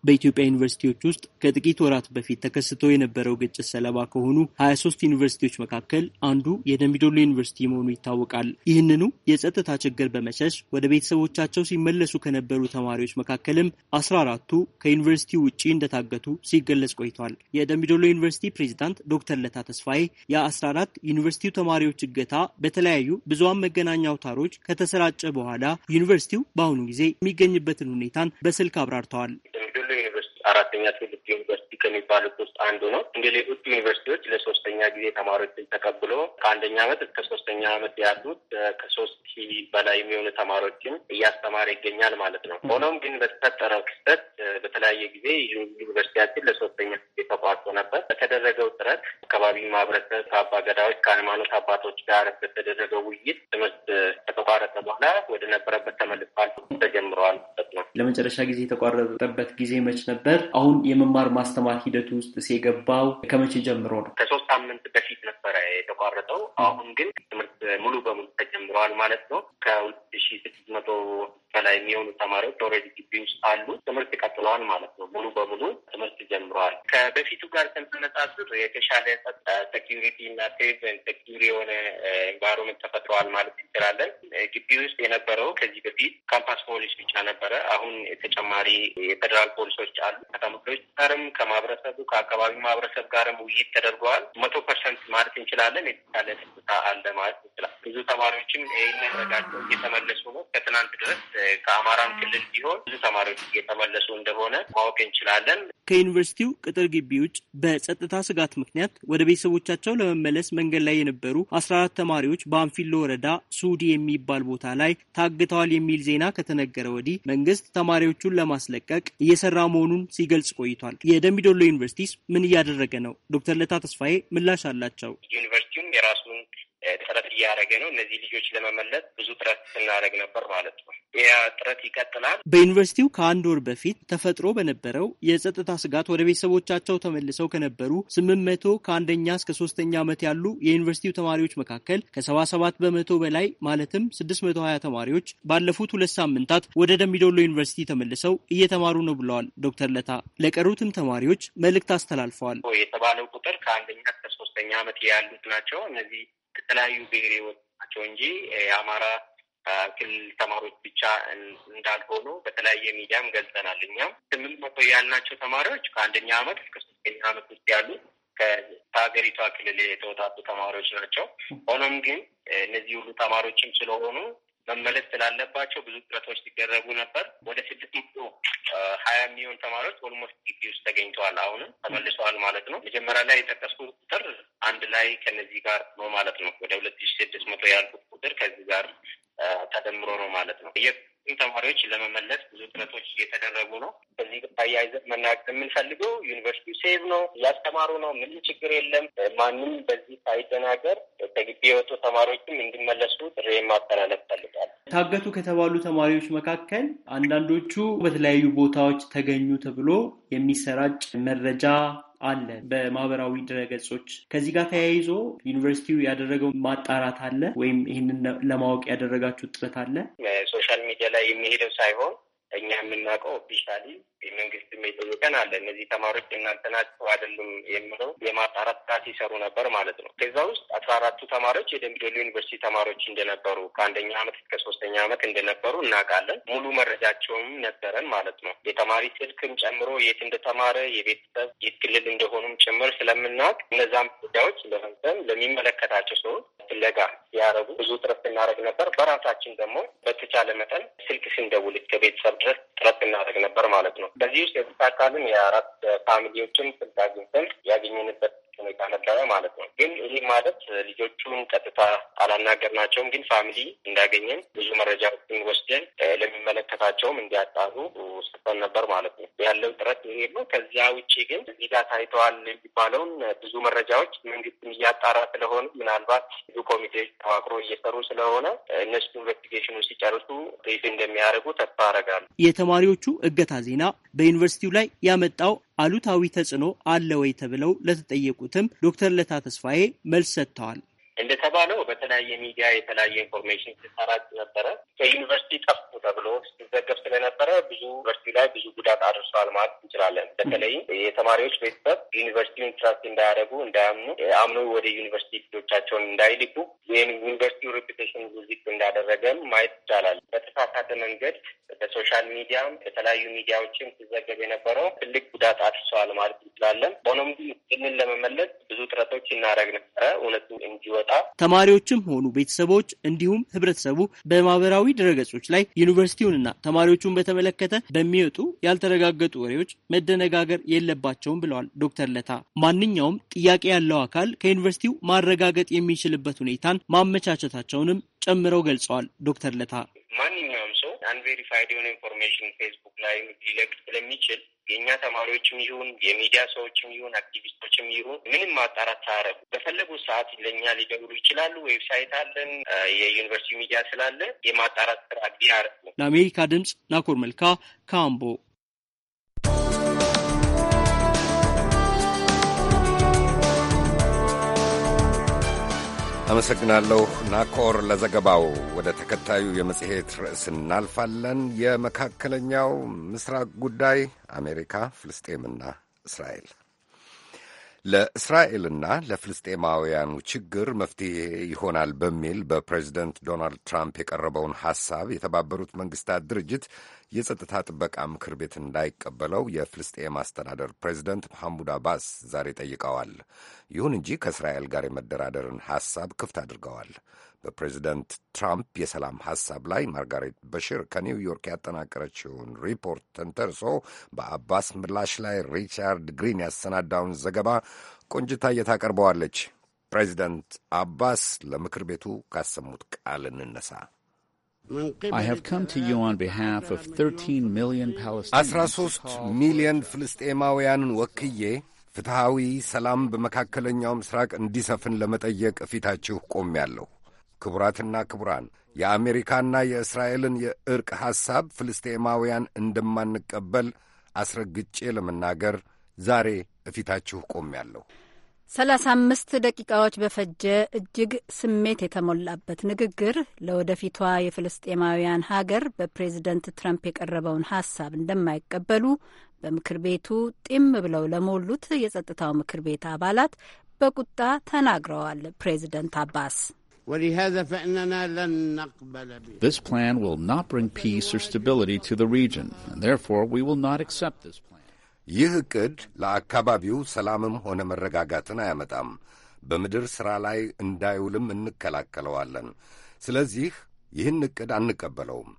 በኢትዮጵያ ዩኒቨርሲቲዎች ውስጥ ከጥቂት ወራት በፊት ተከስቶ የነበረው ግጭት ሰለባ ከሆኑ 23 ዩኒቨርሲቲዎች መካከል አንዱ የደምቢዶሎ ዩኒቨርሲቲ መሆኑ ይታወቃል። ይህንኑ የጸጥታ ችግር በመሸሽ ወደ ቤተሰቦቻቸው ሲመለሱ ከነበሩ ተማሪዎች መካከልም 14ቱ ከዩኒቨርሲቲ ውጪ እንደታገቱ ሲገለጽ ቆይቷል። የደምቢዶሎ ዩኒቨርሲቲ ፕሬዚዳንት ዶክተር ለታ ተስፋዬ የ14 ዩኒቨርሲቲው ተማሪዎች እገታ በተለያዩ ብዙሃን መገናኛ አውታሮች ከተሰራጨ በኋላ ዩኒቨርሲቲው በአሁኑ ጊዜ የሚገኝበትን ሁኔታን በስልክ አብራርተዋል። አራተኛ ትውልድ ዩኒቨርሲቲ ከሚባሉት ውስጥ አንዱ ነው። እንደ ሌሎች ዩኒቨርሲቲዎች ለሶስተኛ ጊዜ ተማሪዎችን ተቀብሎ ከአንደኛ ዓመት እስከ ሶስተኛ ዓመት ያሉት ከሶስት ሺህ በላይ የሚሆኑ ተማሪዎችን እያስተማረ ይገኛል ማለት ነው። ሆኖም ግን በተፈጠረው ክስተት በተለያየ ጊዜ ዩኒቨርሲቲያችን ለሶስተኛ ጊዜ ተቋርጦ ነበር። በተደረገው ጥረት አካባቢ ማህበረሰብ ከአባ ገዳዎች ከሃይማኖት አባቶች ጋር በተደረገው ውይይት ትምህርት ከተቋረጠ በኋላ ወደ ነበረበት ተመልሷል ተጀምረዋል ማለት ነው። ለመጨረሻ ጊዜ የተቋረጠበት ጊዜ መች ነበር? መምህር አሁን የመማር ማስተማር ሂደት ውስጥ ሲገባው ከመቼ ጀምሮ ነው? ከሶስት ሳምንት በፊት ነበረ የተቋረጠው። አሁን ግን ትምህርት ሙሉ በሙሉ ተጀምረዋል ማለት ነው። ከሁለት ሺ ስድስት መቶ በላይ የሚሆኑ ተማሪዎች ኦልሬዲ ግቢ ውስጥ አሉ። ትምህርት ቀጥለዋል ማለት ነው። ሙሉ በሙሉ ትምህርት ጀምረዋል። ከበፊቱ ጋር ስናነጻጽር የተሻለ ሴኪሪቲ እና ሴፍ ሴኪሪ የሆነ ኤንቫይሮመንት ተፈጥረዋል ማለት እንችላለን። ግቢ ውስጥ የነበረው ከዚህ በፊት ካምፓስ ፖሊስ ብቻ ነበረ። አሁን ተጨማሪ የፌዴራል ፖሊሶች አሉ። ከተሞክሮች ጋርም ከማህበረሰቡ ከአካባቢ ማህበረሰብ ጋርም ውይይት ተደርገዋል። መቶ ፐርሰንት ማለት እንችላለን የተቻለ ደስታ አለ ማለት እንችላለን። ብዙ ተማሪዎችም ይህን ረጋቸው እየተመለሱ ነው። ከትናንት ድረስ ከአማራም ክልል ቢሆን ብዙ ተማሪዎች እየተመለሱ እንደሆነ ማወቅ እንችላለን። ከዩኒቨርሲቲው ቅጥር ግቢ ውጭ በጸጥታ ስጋት ምክንያት ወደ ቤተሰቦቻቸው ለመመለስ መንገድ ላይ የነበሩ አስራ አራት ተማሪዎች በአንፊሎ ወረዳ ሱዲ የሚባል ቦታ ላይ ታግተዋል የሚል ዜና ከተነገረ ወዲህ መንግስት ተማሪዎቹን ለማስለቀቅ እየሰራ መሆኑን ሲገልጽ ቆይቷል። የደምቢዶሎ ዩኒቨርሲቲስ ምን እያደረገ ነው? ዶክተር ለታ ተስፋዬ ምላሽ አላቸው። ዩኒቨርሲቲውም የራሱ ጥረት እያደረገ ነው። እነዚህ ልጆች ለመመለስ ብዙ ጥረት ስናደረግ ነበር ማለት ነው። ያ ጥረት ይቀጥላል። በዩኒቨርሲቲው ከአንድ ወር በፊት ተፈጥሮ በነበረው የጸጥታ ስጋት ወደ ቤተሰቦቻቸው ተመልሰው ከነበሩ ስምንት መቶ ከአንደኛ እስከ ሶስተኛ ዓመት ያሉ የዩኒቨርሲቲው ተማሪዎች መካከል ከሰባ ሰባት በመቶ በላይ ማለትም ስድስት መቶ ሀያ ተማሪዎች ባለፉት ሁለት ሳምንታት ወደ ደምቢዶሎ ዩኒቨርሲቲ ተመልሰው እየተማሩ ነው ብለዋል ዶክተር ለታ። ለቀሩትም ተማሪዎች መልእክት አስተላልፈዋል። የተባለው ቁጥር ከአንደኛ እስከ ሶስተኛ ዓመት ያሉት ናቸው እነዚህ ከተለያዩ ብሔር የወጡ ናቸው እንጂ የአማራ ክልል ተማሪዎች ብቻ እንዳልሆኑ በተለያየ ሚዲያም ገልጸናል። እኛም ስምንት መቶ ያልናቸው ተማሪዎች ከአንደኛ አመት እስከ ሶስተኛ አመት ውስጥ ያሉ ከሀገሪቷ ክልል የተወጣጡ ተማሪዎች ናቸው። ሆኖም ግን እነዚህ ሁሉ ተማሪዎችም ስለሆኑ መመለስ ስላለባቸው ብዙ ጥረቶች ሲደረጉ ነበር። ወደ ስድስት መቶ ሀያ የሚሆን ተማሪዎች ኦልሞስት ግቢ ውስጥ ተገኝተዋል። አሁንም ተመልሰዋል ማለት ነው። መጀመሪያ ላይ የጠቀስኩት ላይ ከነዚህ ጋር ነው ማለት ነው። ወደ ሁለት ሺ ስድስት መቶ ያልኩት ቁጥር ከዚህ ጋር ተደምሮ ነው ማለት ነው። የቱም ተማሪዎች ለመመለስ ብዙ ጥረቶች እየተደረጉ ነው። በዚህ አያይዘን መናገር የምንፈልገው ዩኒቨርሲቲ ሴቭ ነው፣ እያስተማሩ ነው። ምንም ችግር የለም። ማንም በዚህ ሳይደናገር ከግቢ የወጡ ተማሪዎችም እንዲመለሱ ጥሬ ማስተላለፍ ፈልጋል። ታገቱ ከተባሉ ተማሪዎች መካከል አንዳንዶቹ በተለያዩ ቦታዎች ተገኙ ተብሎ የሚሰራጭ መረጃ አለ በማህበራዊ ድረገጾች። ከዚህ ጋር ተያይዞ ዩኒቨርሲቲው ያደረገው ማጣራት አለ ወይም ይህንን ለማወቅ ያደረጋችሁ ጥረት አለ? ሶሻል ሚዲያ ላይ የሚሄደው ሳይሆን እኛ የምናውቀው ኦፊሻሊ መንግስትም የጠየቀን አለ። እነዚህ ተማሪዎች እናንተ ናቸው አይደሉም የሚለው የማጣራት ስራ ሲሰሩ ነበር ማለት ነው። ከዛ ውስጥ አስራ አራቱ ተማሪዎች የደምቢዶሎ ዩኒቨርሲቲ ተማሪዎች እንደነበሩ ከአንደኛ አመት እስከ ሶስተኛ አመት እንደነበሩ እናውቃለን። ሙሉ መረጃቸውም ነበረን ማለት ነው። የተማሪ ስልክም ጨምሮ የት እንደተማረ የቤተሰብ የት ክልል እንደሆኑም ጭምር ስለምናውቅ እነዛም ጉዳዮች ለመንሰም ለሚመለከታቸው ሰዎች ፍለጋ ያረጉ ብዙ ጥረት እናደረግ ነበር። በራሳችን ደግሞ በተቻለ መጠን ስልክ ስንደውል ከቤተሰብ ድረስ ጥረት እናደረግ ነበር ማለት ነው። በዚህ ውስጥ የተሳካልን የአራት ፋሚሊዎችን ስልጣ አግኝተን ያገኘንበት ሁኔታ ተነበበ ማለት ነው። ግን ይህ ማለት ልጆቹን ቀጥታ አላናገርናቸውም። ግን ፋሚሊ እንዳገኘን ብዙ መረጃዎችን ወስደን ለሚመለከታቸውም እንዲያጣሩ ስጠን ነበር ማለት ነው። ያለው ጥረት ይሄ ነው። ከዚያ ውጭ ግን እዚህ ጋር ታይተዋል የሚባለውን ብዙ መረጃዎች መንግስትም እያጣራ ስለሆነ ምናልባት ብዙ ኮሚቴዎች ተዋቅሮ እየሰሩ ስለሆነ እነሱ ኢንቨስቲጌሽኑ ሲጨርሱ ሪፍ እንደሚያደርጉ ተስፋ አረጋለሁ። የተማሪዎቹ እገታ ዜና በዩኒቨርሲቲው ላይ ያመጣው አሉታዊ ተጽዕኖ አለ ወይ ተብለው ለተጠየቁትም ዶክተር ለታ ተስፋዬ መልስ ሰጥተዋል። እንደተባለው በተለያየ ሚዲያ የተለያየ ኢንፎርሜሽን ሲሰራጭ ነበረ። ከዩኒቨርሲቲ ጠፍቶ ተብሎ ሲዘገብ ስለነበረ ብዙ ዩኒቨርሲቲ ላይ ብዙ ጉዳት አድርሷል ማለት እንችላለን። በተለይም የተማሪዎች ቤተሰብ ዩኒቨርሲቲውን ትራስት እንዳያደርጉ፣ እንዳያምኑ፣ አምኖ ወደ ዩኒቨርሲቲ ልጆቻቸውን እንዳይልኩ ዩኒቨርሲቲው ሬፑቴሽን ዝቅ እንዳደረገም ማየት ይቻላል። በተሳሳተ መንገድ በሶሻል ሚዲያም የተለያዩ ሚዲያዎችም ሲዘገብ የነበረው ትልቅ ጉዳት አድርሰዋል ማለት እንችላለን። ሆኖም ግን ይህንን ለመመለስ ብዙ ጥረቶች እናደረግ ነበረ እውነቱ እንዲወ ሲወጣ ተማሪዎችም ሆኑ ቤተሰቦች እንዲሁም ህብረተሰቡ በማህበራዊ ድረገጾች ላይ ዩኒቨርሲቲውንና ተማሪዎቹን በተመለከተ በሚወጡ ያልተረጋገጡ ወሬዎች መደነጋገር የለባቸውም ብለዋል ዶክተር ለታ። ማንኛውም ጥያቄ ያለው አካል ከዩኒቨርሲቲው ማረጋገጥ የሚችልበት ሁኔታን ማመቻቸታቸውንም ጨምረው ገልጸዋል ዶክተር ለታ። ማንኛውም አንቬሪፋይድ የሆነ ኢንፎርሜሽን ፌስቡክ ላይ ሊለቅ ስለሚችል የእኛ ተማሪዎችም ይሁን የሚዲያ ሰዎችም ይሁን አክቲቪስቶችም ይሁን ምንም ማጣራት ሳያረጉ በፈለጉ ሰዓት ለእኛ ሊደውሉ ይችላሉ። ዌብሳይት አለን፣ የዩኒቨርሲቲ ሚዲያ ስላለ የማጣራት ስራ ቢያረግ ለአሜሪካ ድምጽ ናኮር መልካ ካምቦ አመሰግናለሁ ናኮር ለዘገባው። ወደ ተከታዩ የመጽሔት ርዕስ እናልፋለን። የመካከለኛው ምስራቅ ጉዳይ አሜሪካ፣ ፍልስጤምና እስራኤል ለእስራኤልና ለፍልስጤማውያኑ ችግር መፍትሄ ይሆናል በሚል በፕሬዚደንት ዶናልድ ትራምፕ የቀረበውን ሐሳብ የተባበሩት መንግስታት ድርጅት የጸጥታ ጥበቃ ምክር ቤት እንዳይቀበለው የፍልስጤም አስተዳደር ፕሬዚደንት መሐሙድ አባስ ዛሬ ጠይቀዋል። ይሁን እንጂ ከእስራኤል ጋር የመደራደርን ሐሳብ ክፍት አድርገዋል። በፕሬዚደንት ትራምፕ የሰላም ሐሳብ ላይ ማርጋሬት በሽር ከኒውዮርክ ያጠናቀረችውን ሪፖርት ተንተርሶ በአባስ ምላሽ ላይ ሪቻርድ ግሪን ያሰናዳውን ዘገባ ቆንጅታየ ታቀርበዋለች። ፕሬዚደንት አባስ ለምክር ቤቱ ካሰሙት ቃል እንነሳ። አስራ ሦስት ሚሊዮን ፍልስጤማውያንን ወክዬ ፍትሐዊ ሰላም በመካከለኛው ምስራቅ እንዲሰፍን ለመጠየቅ ፊታችሁ ቆሜያለሁ። ክቡራትና ክቡራን የአሜሪካና የእስራኤልን የእርቅ ሐሳብ ፍልስጤማውያን እንደማንቀበል አስረግጬ ለመናገር ዛሬ እፊታችሁ ቆሜያለሁ። ሰላሳ አምስት ደቂቃዎች በፈጀ እጅግ ስሜት የተሞላበት ንግግር ለወደፊቷ የፍልስጤማውያን ሀገር በፕሬዝደንት ትራምፕ የቀረበውን ሀሳብ እንደማይቀበሉ በምክር ቤቱ ጢም ብለው ለሞሉት የጸጥታው ምክር ቤት አባላት በቁጣ ተናግረዋል ፕሬዝደንት አባስ This plan will not bring peace or stability to the region, and therefore we will not accept this plan. ይህ ዕቅድ ለአካባቢው ሰላምም ሆነ መረጋጋትን አያመጣም። በምድር ሥራ ላይ እንዳይውልም እንከላከለዋለን። ስለዚህ ይህን ዕቅድ አንቀበለውም።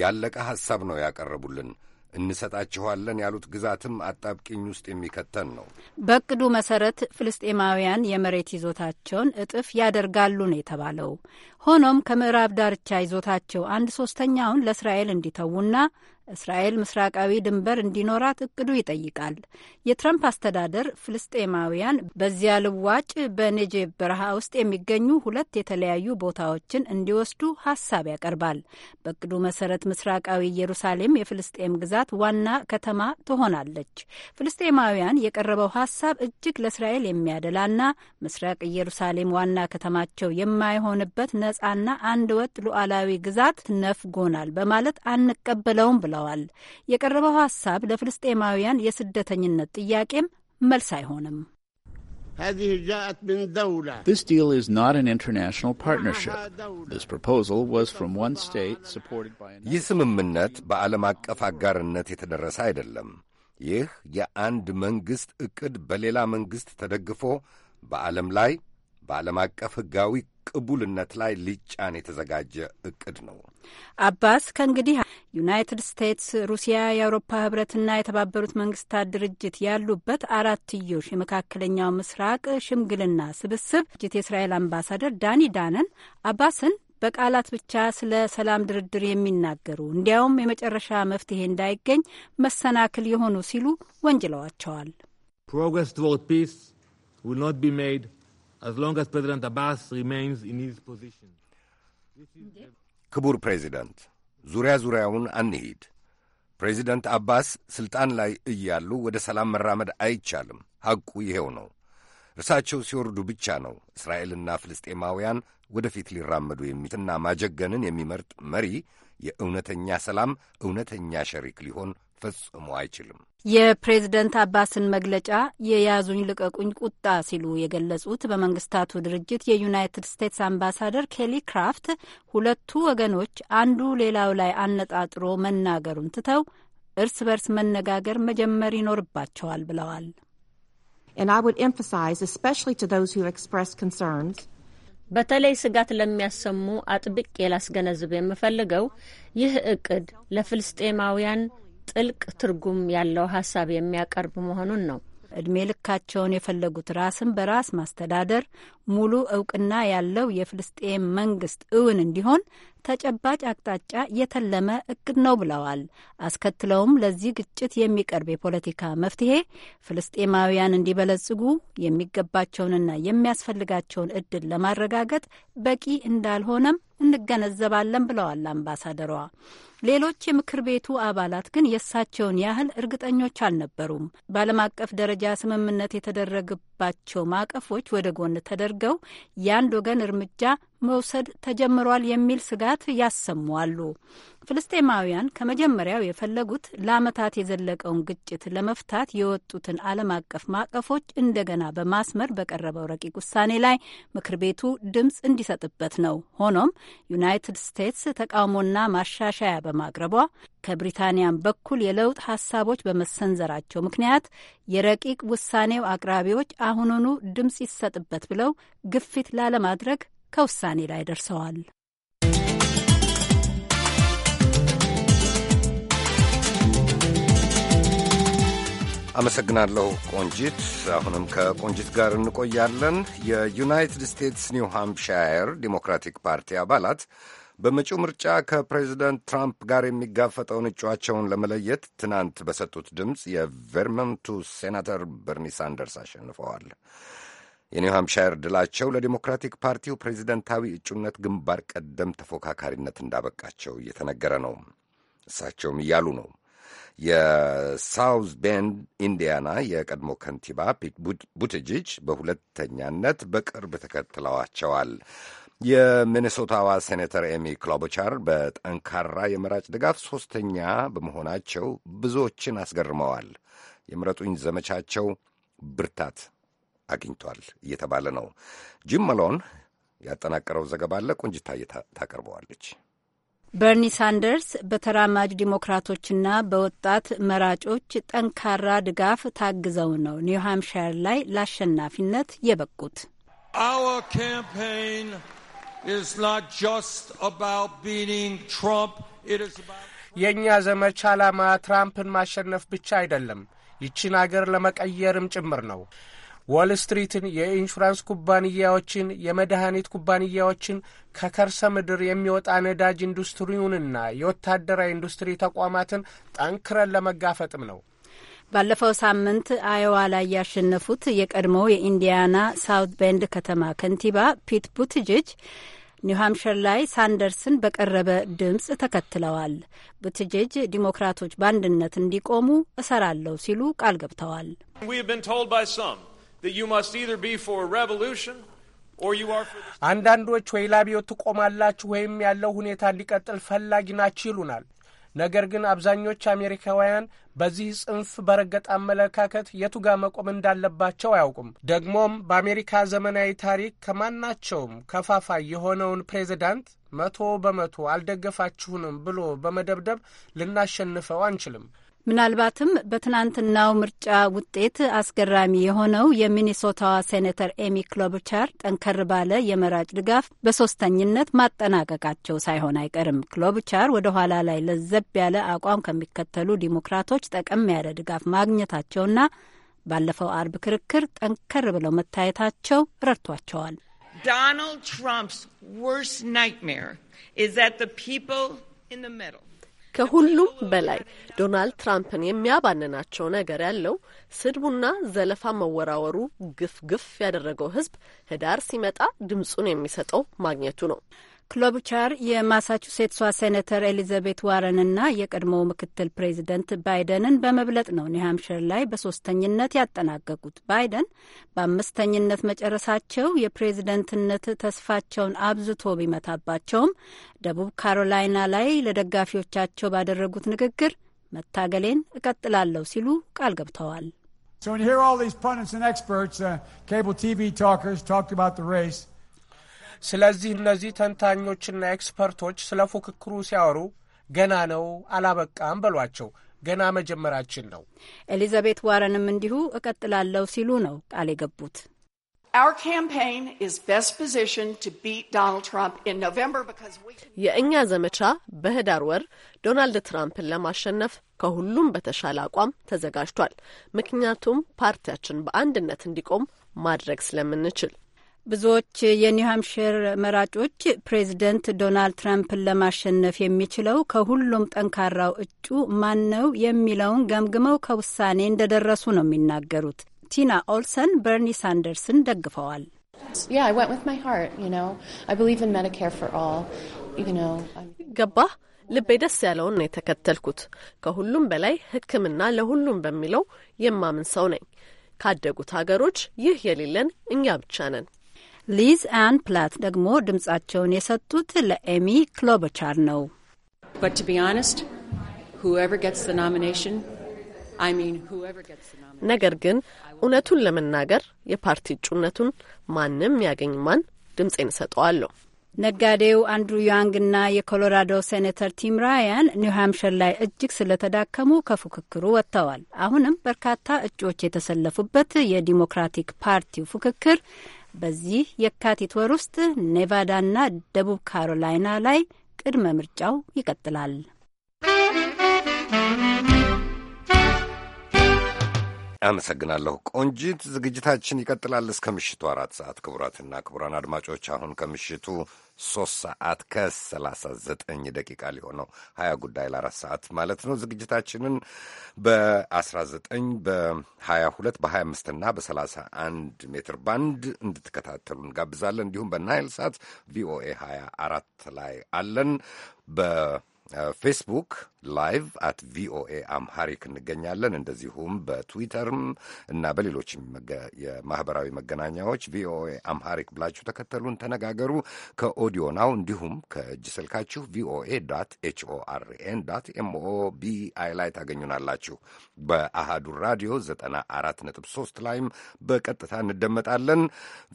ያለቀ ሐሳብ ነው ያቀረቡልን። እንሰጣችኋለን ያሉት ግዛትም አጣብቂኝ ውስጥ የሚከተን ነው። በእቅዱ መሰረት ፍልስጤማውያን የመሬት ይዞታቸውን እጥፍ ያደርጋሉ ነው የተባለው። ሆኖም ከምዕራብ ዳርቻ ይዞታቸው አንድ ሶስተኛውን ለእስራኤል እንዲተዉና እስራኤል ምስራቃዊ ድንበር እንዲኖራት እቅዱ ይጠይቃል። የትረምፕ አስተዳደር ፍልስጤማውያን በዚያ ልዋጭ በኔጄቭ በረሃ ውስጥ የሚገኙ ሁለት የተለያዩ ቦታዎችን እንዲወስዱ ሀሳብ ያቀርባል። በእቅዱ መሰረት ምስራቃዊ ኢየሩሳሌም የፍልስጤም ግዛት ዋና ከተማ ትሆናለች። ፍልስጤማውያን የቀረበው ሀሳብ እጅግ ለእስራኤል የሚያደላና ምስራቅ ኢየሩሳሌም ዋና ከተማቸው የማይሆንበት ነጻና አንድ ወጥ ሉዓላዊ ግዛት ነፍጎናል በማለት አንቀበለውም ብለዋል። የቀረበው ሀሳብ ለፍልስጤማውያን የስደተኝነት ጥያቄም መልስ አይሆንም። This deal is not an international partnership. This proposal was from one state supported by another. ይህ ስምምነት በዓለም አቀፍ አጋርነት የተደረሰ አይደለም። ይህ የአንድ መንግሥት ዕቅድ በሌላ መንግሥት ተደግፎ በዓለም ላይ በዓለም አቀፍ ሕጋዊ ቅቡልነት ላይ ሊጫን የተዘጋጀ እቅድ ነው። አባስ ከእንግዲህ ዩናይትድ ስቴትስ፣ ሩሲያ፣ የአውሮፓ ህብረትና የተባበሩት መንግስታት ድርጅት ያሉበት አራትዮሽ የመካከለኛው ምስራቅ ሽምግልና ስብስብ ጅት የእስራኤል አምባሳደር ዳኒ ዳነን አባስን በቃላት ብቻ ስለ ሰላም ድርድር የሚናገሩ እንዲያውም የመጨረሻ መፍትሄ እንዳይገኝ መሰናክል የሆኑ ሲሉ ወንጅለዋቸዋል። ፕሮግረስ ቶወርድ ፒስ ዊል ኖት ቢ ሜድ ክቡር ፕሬዚደንት፣ ዙሪያ ዙሪያውን አንሂድ። ፕሬዚደንት አባስ ሥልጣን ላይ እያሉ ወደ ሰላም መራመድ አይቻልም። ሐቁ ይሄው ነው። እርሳቸው ሲወርዱ ብቻ ነው እስራኤልና ፍልስጤማውያን ወደፊት ሊራመዱ የሚትና ማጀገንን የሚመርጥ መሪ የእውነተኛ ሰላም እውነተኛ ሸሪክ ሊሆን ፈጽሞ አይችልም። የፕሬዝደንት አባስን መግለጫ የያዙኝ ልቀቁኝ ቁጣ ሲሉ የገለጹት በመንግስታቱ ድርጅት የዩናይትድ ስቴትስ አምባሳደር ኬሊ ክራፍት ሁለቱ ወገኖች አንዱ ሌላው ላይ አነጣጥሮ መናገሩን ትተው እርስ በርስ መነጋገር መጀመር ይኖርባቸዋል ብለዋል። በተለይ ስጋት ለሚያሰሙ አጥብቄ ላስገነዝብ የምፈልገው ይህ እቅድ ለፍልስጤማውያን ጥልቅ ትርጉም ያለው ሀሳብ የሚያቀርብ መሆኑን ነው። እድሜ ልካቸውን የፈለጉት ራስን በራስ ማስተዳደር ሙሉ እውቅና ያለው የፍልስጤም መንግስት እውን እንዲሆን ተጨባጭ አቅጣጫ የተለመ እቅድ ነው ብለዋል። አስከትለውም ለዚህ ግጭት የሚቀርብ የፖለቲካ መፍትሄ ፍልስጤማውያን እንዲበለጽጉ የሚገባቸውንና የሚያስፈልጋቸውን እድል ለማረጋገጥ በቂ እንዳልሆነም እንገነዘባለን ብለዋል አምባሳደሯ። ሌሎች የምክር ቤቱ አባላት ግን የእሳቸውን ያህል እርግጠኞች አልነበሩም። በዓለም አቀፍ ደረጃ ስምምነት የተደረገባቸው ማዕቀፎች ወደ ጎን ተደርገው የአንድ ወገን እርምጃ መውሰድ ተጀምሯል የሚል ስጋት ያሰሙ ፍልስጤማውያን ከመጀመሪያው የፈለጉት ለዓመታት የዘለቀውን ግጭት ለመፍታት የወጡትን ዓለም አቀፍ ማዕቀፎች እንደገና በማስመር በቀረበው ረቂቅ ውሳኔ ላይ ምክር ቤቱ ድምፅ እንዲሰጥበት ነው። ሆኖም ዩናይትድ ስቴትስ ተቃውሞና ማሻሻያ በማቅረቧ ከብሪታንያን በኩል የለውጥ ሀሳቦች በመሰንዘራቸው ምክንያት የረቂቅ ውሳኔው አቅራቢዎች አሁኑኑ ድምፅ ይሰጥበት ብለው ግፊት ላለማድረግ ከውሳኔ ላይ ደርሰዋል። አመሰግናለሁ ቆንጂት። አሁንም ከቆንጂት ጋር እንቆያለን። የዩናይትድ ስቴትስ ኒው ሃምፕሻየር ዲሞክራቲክ ፓርቲ አባላት በመጪው ምርጫ ከፕሬዚደንት ትራምፕ ጋር የሚጋፈጠውን እጩአቸውን ለመለየት ትናንት በሰጡት ድምፅ የቨርመንቱ ሴናተር በርኒ ሳንደርስ አሸንፈዋል። የኒው ሃምፕሻየር ድላቸው ለዲሞክራቲክ ፓርቲው ፕሬዚደንታዊ እጩነት ግንባር ቀደም ተፎካካሪነት እንዳበቃቸው እየተነገረ ነው። እሳቸውም እያሉ ነው የሳውዝ ቤንድ ኢንዲያና የቀድሞ ከንቲባ ፒት ቡትጅጅ በሁለተኛነት በቅርብ ተከትለዋቸዋል። የሚኒሶታዋ ሴኔተር ኤሚ ክሎቦቻር በጠንካራ የመራጭ ድጋፍ ሦስተኛ በመሆናቸው ብዙዎችን አስገርመዋል። የምረጡኝ ዘመቻቸው ብርታት አግኝቷል እየተባለ ነው። ጂም መሎን ያጠናቀረው ዘገባ አለ። ቆንጅታ ታቀርበዋለች። በርኒ ሳንደርስ በተራማጅ ዲሞክራቶችና በወጣት መራጮች ጠንካራ ድጋፍ ታግዘው ነው ኒው ላይ ለአሸናፊነት የበቁት። የእኛ ዘመቻ ዓላማ ትራምፕን ማሸነፍ ብቻ አይደለም፣ ይቺን አገር ለመቀየርም ጭምር ነው። ዎል ስትሪትን፣ የኢንሹራንስ ኩባንያዎችን፣ የመድኃኒት ኩባንያዎችን፣ ከከርሰ ምድር የሚወጣ ነዳጅ ኢንዱስትሪውንና የወታደራዊ ኢንዱስትሪ ተቋማትን ጠንክረን ለመጋፈጥም ነው። ባለፈው ሳምንት አዮዋ ላይ ያሸነፉት የቀድሞው የኢንዲያና ሳውት ቤንድ ከተማ ከንቲባ ፒት ቡትጅጅ ኒውሃምሽር ላይ ሳንደርስን በቀረበ ድምፅ ተከትለዋል። ቡትጅጅ ዲሞክራቶች በአንድነት እንዲቆሙ እሰራለሁ ሲሉ ቃል ገብተዋል። አንዳንዶች ወይ ላብዮት ትቆማላችሁ ወይም ያለው ሁኔታ እንዲቀጥል ፈላጊ ናችሁ ይሉናል። ነገር ግን አብዛኞቹ አሜሪካውያን በዚህ ጽንፍ በረገጠ አመለካከት የቱ ጋር መቆም እንዳለባቸው አያውቁም። ደግሞም በአሜሪካ ዘመናዊ ታሪክ ከማናቸውም ከፋፋይ የሆነውን ፕሬዚዳንት መቶ በመቶ አልደገፋችሁንም ብሎ በመደብደብ ልናሸንፈው አንችልም። ምናልባትም በትናንትናው ምርጫ ውጤት አስገራሚ የሆነው የሚኒሶታዋ ሴኔተር ኤሚ ክሎብቻር ጠንከር ባለ የመራጭ ድጋፍ በሶስተኝነት ማጠናቀቃቸው ሳይሆን አይቀርም። ክሎብቻር ወደ ኋላ ላይ ለዘብ ያለ አቋም ከሚከተሉ ዲሞክራቶች ጠቀም ያለ ድጋፍ ማግኘታቸውና ባለፈው አርብ ክርክር ጠንከር ብለው መታየታቸው ረድቷቸዋል። ዶናልድ ትራምፕስ ወርስት ናይትሜር ኢዝ ዛት ዘ ፒፕል ኢን ዘ ሚድል ከሁሉም በላይ ዶናልድ ትራምፕን የሚያባንናቸው ነገር ያለው ስድቡና ዘለፋ መወራወሩ ግፍ ግፍ ያደረገው ህዝብ ህዳር ሲመጣ ድምፁን የሚሰጠው ማግኘቱ ነው። ክሎብቻር የማሳቹሴትሷ ሴኔተር ኤሊዛቤት ዋረንና የቀድሞው ምክትል ፕሬዚደንት ባይደንን በመብለጥ ነው ኒውሃምሽር ላይ በሶስተኝነት ያጠናቀቁት። ባይደን በአምስተኝነት መጨረሳቸው የፕሬዝደንትነት ተስፋቸውን አብዝቶ ቢመታባቸውም ደቡብ ካሮላይና ላይ ለደጋፊዎቻቸው ባደረጉት ንግግር መታገሌን እቀጥላለሁ ሲሉ ቃል ገብተዋል። So when you hear all these pundits and experts, uh, cable TV talkers talked about the race. ስለዚህ እነዚህ ተንታኞችና ኤክስፐርቶች ስለ ፉክክሩ ሲያወሩ ገና ነው አላበቃም በሏቸው። ገና መጀመራችን ነው። ኤሊዛቤት ዋረንም እንዲሁ እቀጥላለሁ ሲሉ ነው ቃል የገቡት። የእኛ ዘመቻ በህዳር ወር ዶናልድ ትራምፕን ለማሸነፍ ከሁሉም በተሻለ አቋም ተዘጋጅቷል። ምክንያቱም ፓርቲያችን በአንድነት እንዲቆም ማድረግ ስለምንችል ብዙዎች የኒው መራጮች ፕሬዚደንት ዶናልድ ትራምፕን ለማሸነፍ የሚችለው ከሁሉም ጠንካራው እጩ ማን ነው የሚለውን ገምግመው ከውሳኔ እንደደረሱ ነው የሚናገሩት። ቲና ኦልሰን በርኒ ሳንደርስን ደግፈዋል። ገባ ልቤ ደስ ያለውን ነው የተከተልኩት። ከሁሉም በላይ ሕክምና ለሁሉም በሚለው የማምን ሰው ነኝ። ካደጉት ሀገሮች ይህ የሌለን እኛ ብቻ ነን። ሊዝ አን ፕላት ደግሞ ድምጻቸውን የሰጡት ለኤሚ ክሎበቻር ነው። ነገር ግን እውነቱን ለመናገር የፓርቲ እጩነቱን ማንም ያገኝ ማን ድምፄን እሰጠዋለሁ። ነጋዴው አንድሩ ያንግና የኮሎራዶ ሴኔተር ቲም ራያን ኒውሃምሽር ላይ እጅግ ስለተዳከሙ ከፉክክሩ ወጥተዋል። አሁንም በርካታ እጩዎች የተሰለፉበት የዲሞክራቲክ ፓርቲው ፉክክር በዚህ የካቲት ወር ውስጥ ኔቫዳና ደቡብ ካሮላይና ላይ ቅድመ ምርጫው ይቀጥላል። አመሰግናለሁ ቆንጂት። ዝግጅታችን ይቀጥላል እስከ ምሽቱ አራት ሰዓት። ክቡራትና ክቡራን አድማጮች አሁን ከምሽቱ ሶስት ሰዓት ከሰላሳ ዘጠኝ ደቂቃ ሊሆነው ሀያ ጉዳይ ለአራት ሰዓት ማለት ነው። ዝግጅታችንን በአስራ ዘጠኝ በሀያ ሁለት በሀያ አምስትና በሰላሳ አንድ ሜትር ባንድ እንድትከታተሉ እንጋብዛለን። እንዲሁም በናይል ሳት ቪኦኤ ሀያ አራት ላይ አለን በ ፌስቡክ ላይቭ አት ቪኦኤ አምሃሪክ እንገኛለን። እንደዚሁም በትዊተርም እና በሌሎችም የማህበራዊ መገናኛዎች ቪኦኤ አምሃሪክ ብላችሁ ተከተሉን፣ ተነጋገሩ። ከኦዲዮ ናው እንዲሁም ከእጅ ስልካችሁ ቪኦኤ ዶት ኤችኦአርኤን ቢ አይ ላይ ታገኙናላችሁ። በአሃዱ ራዲዮ 94.3 ላይም በቀጥታ እንደመጣለን።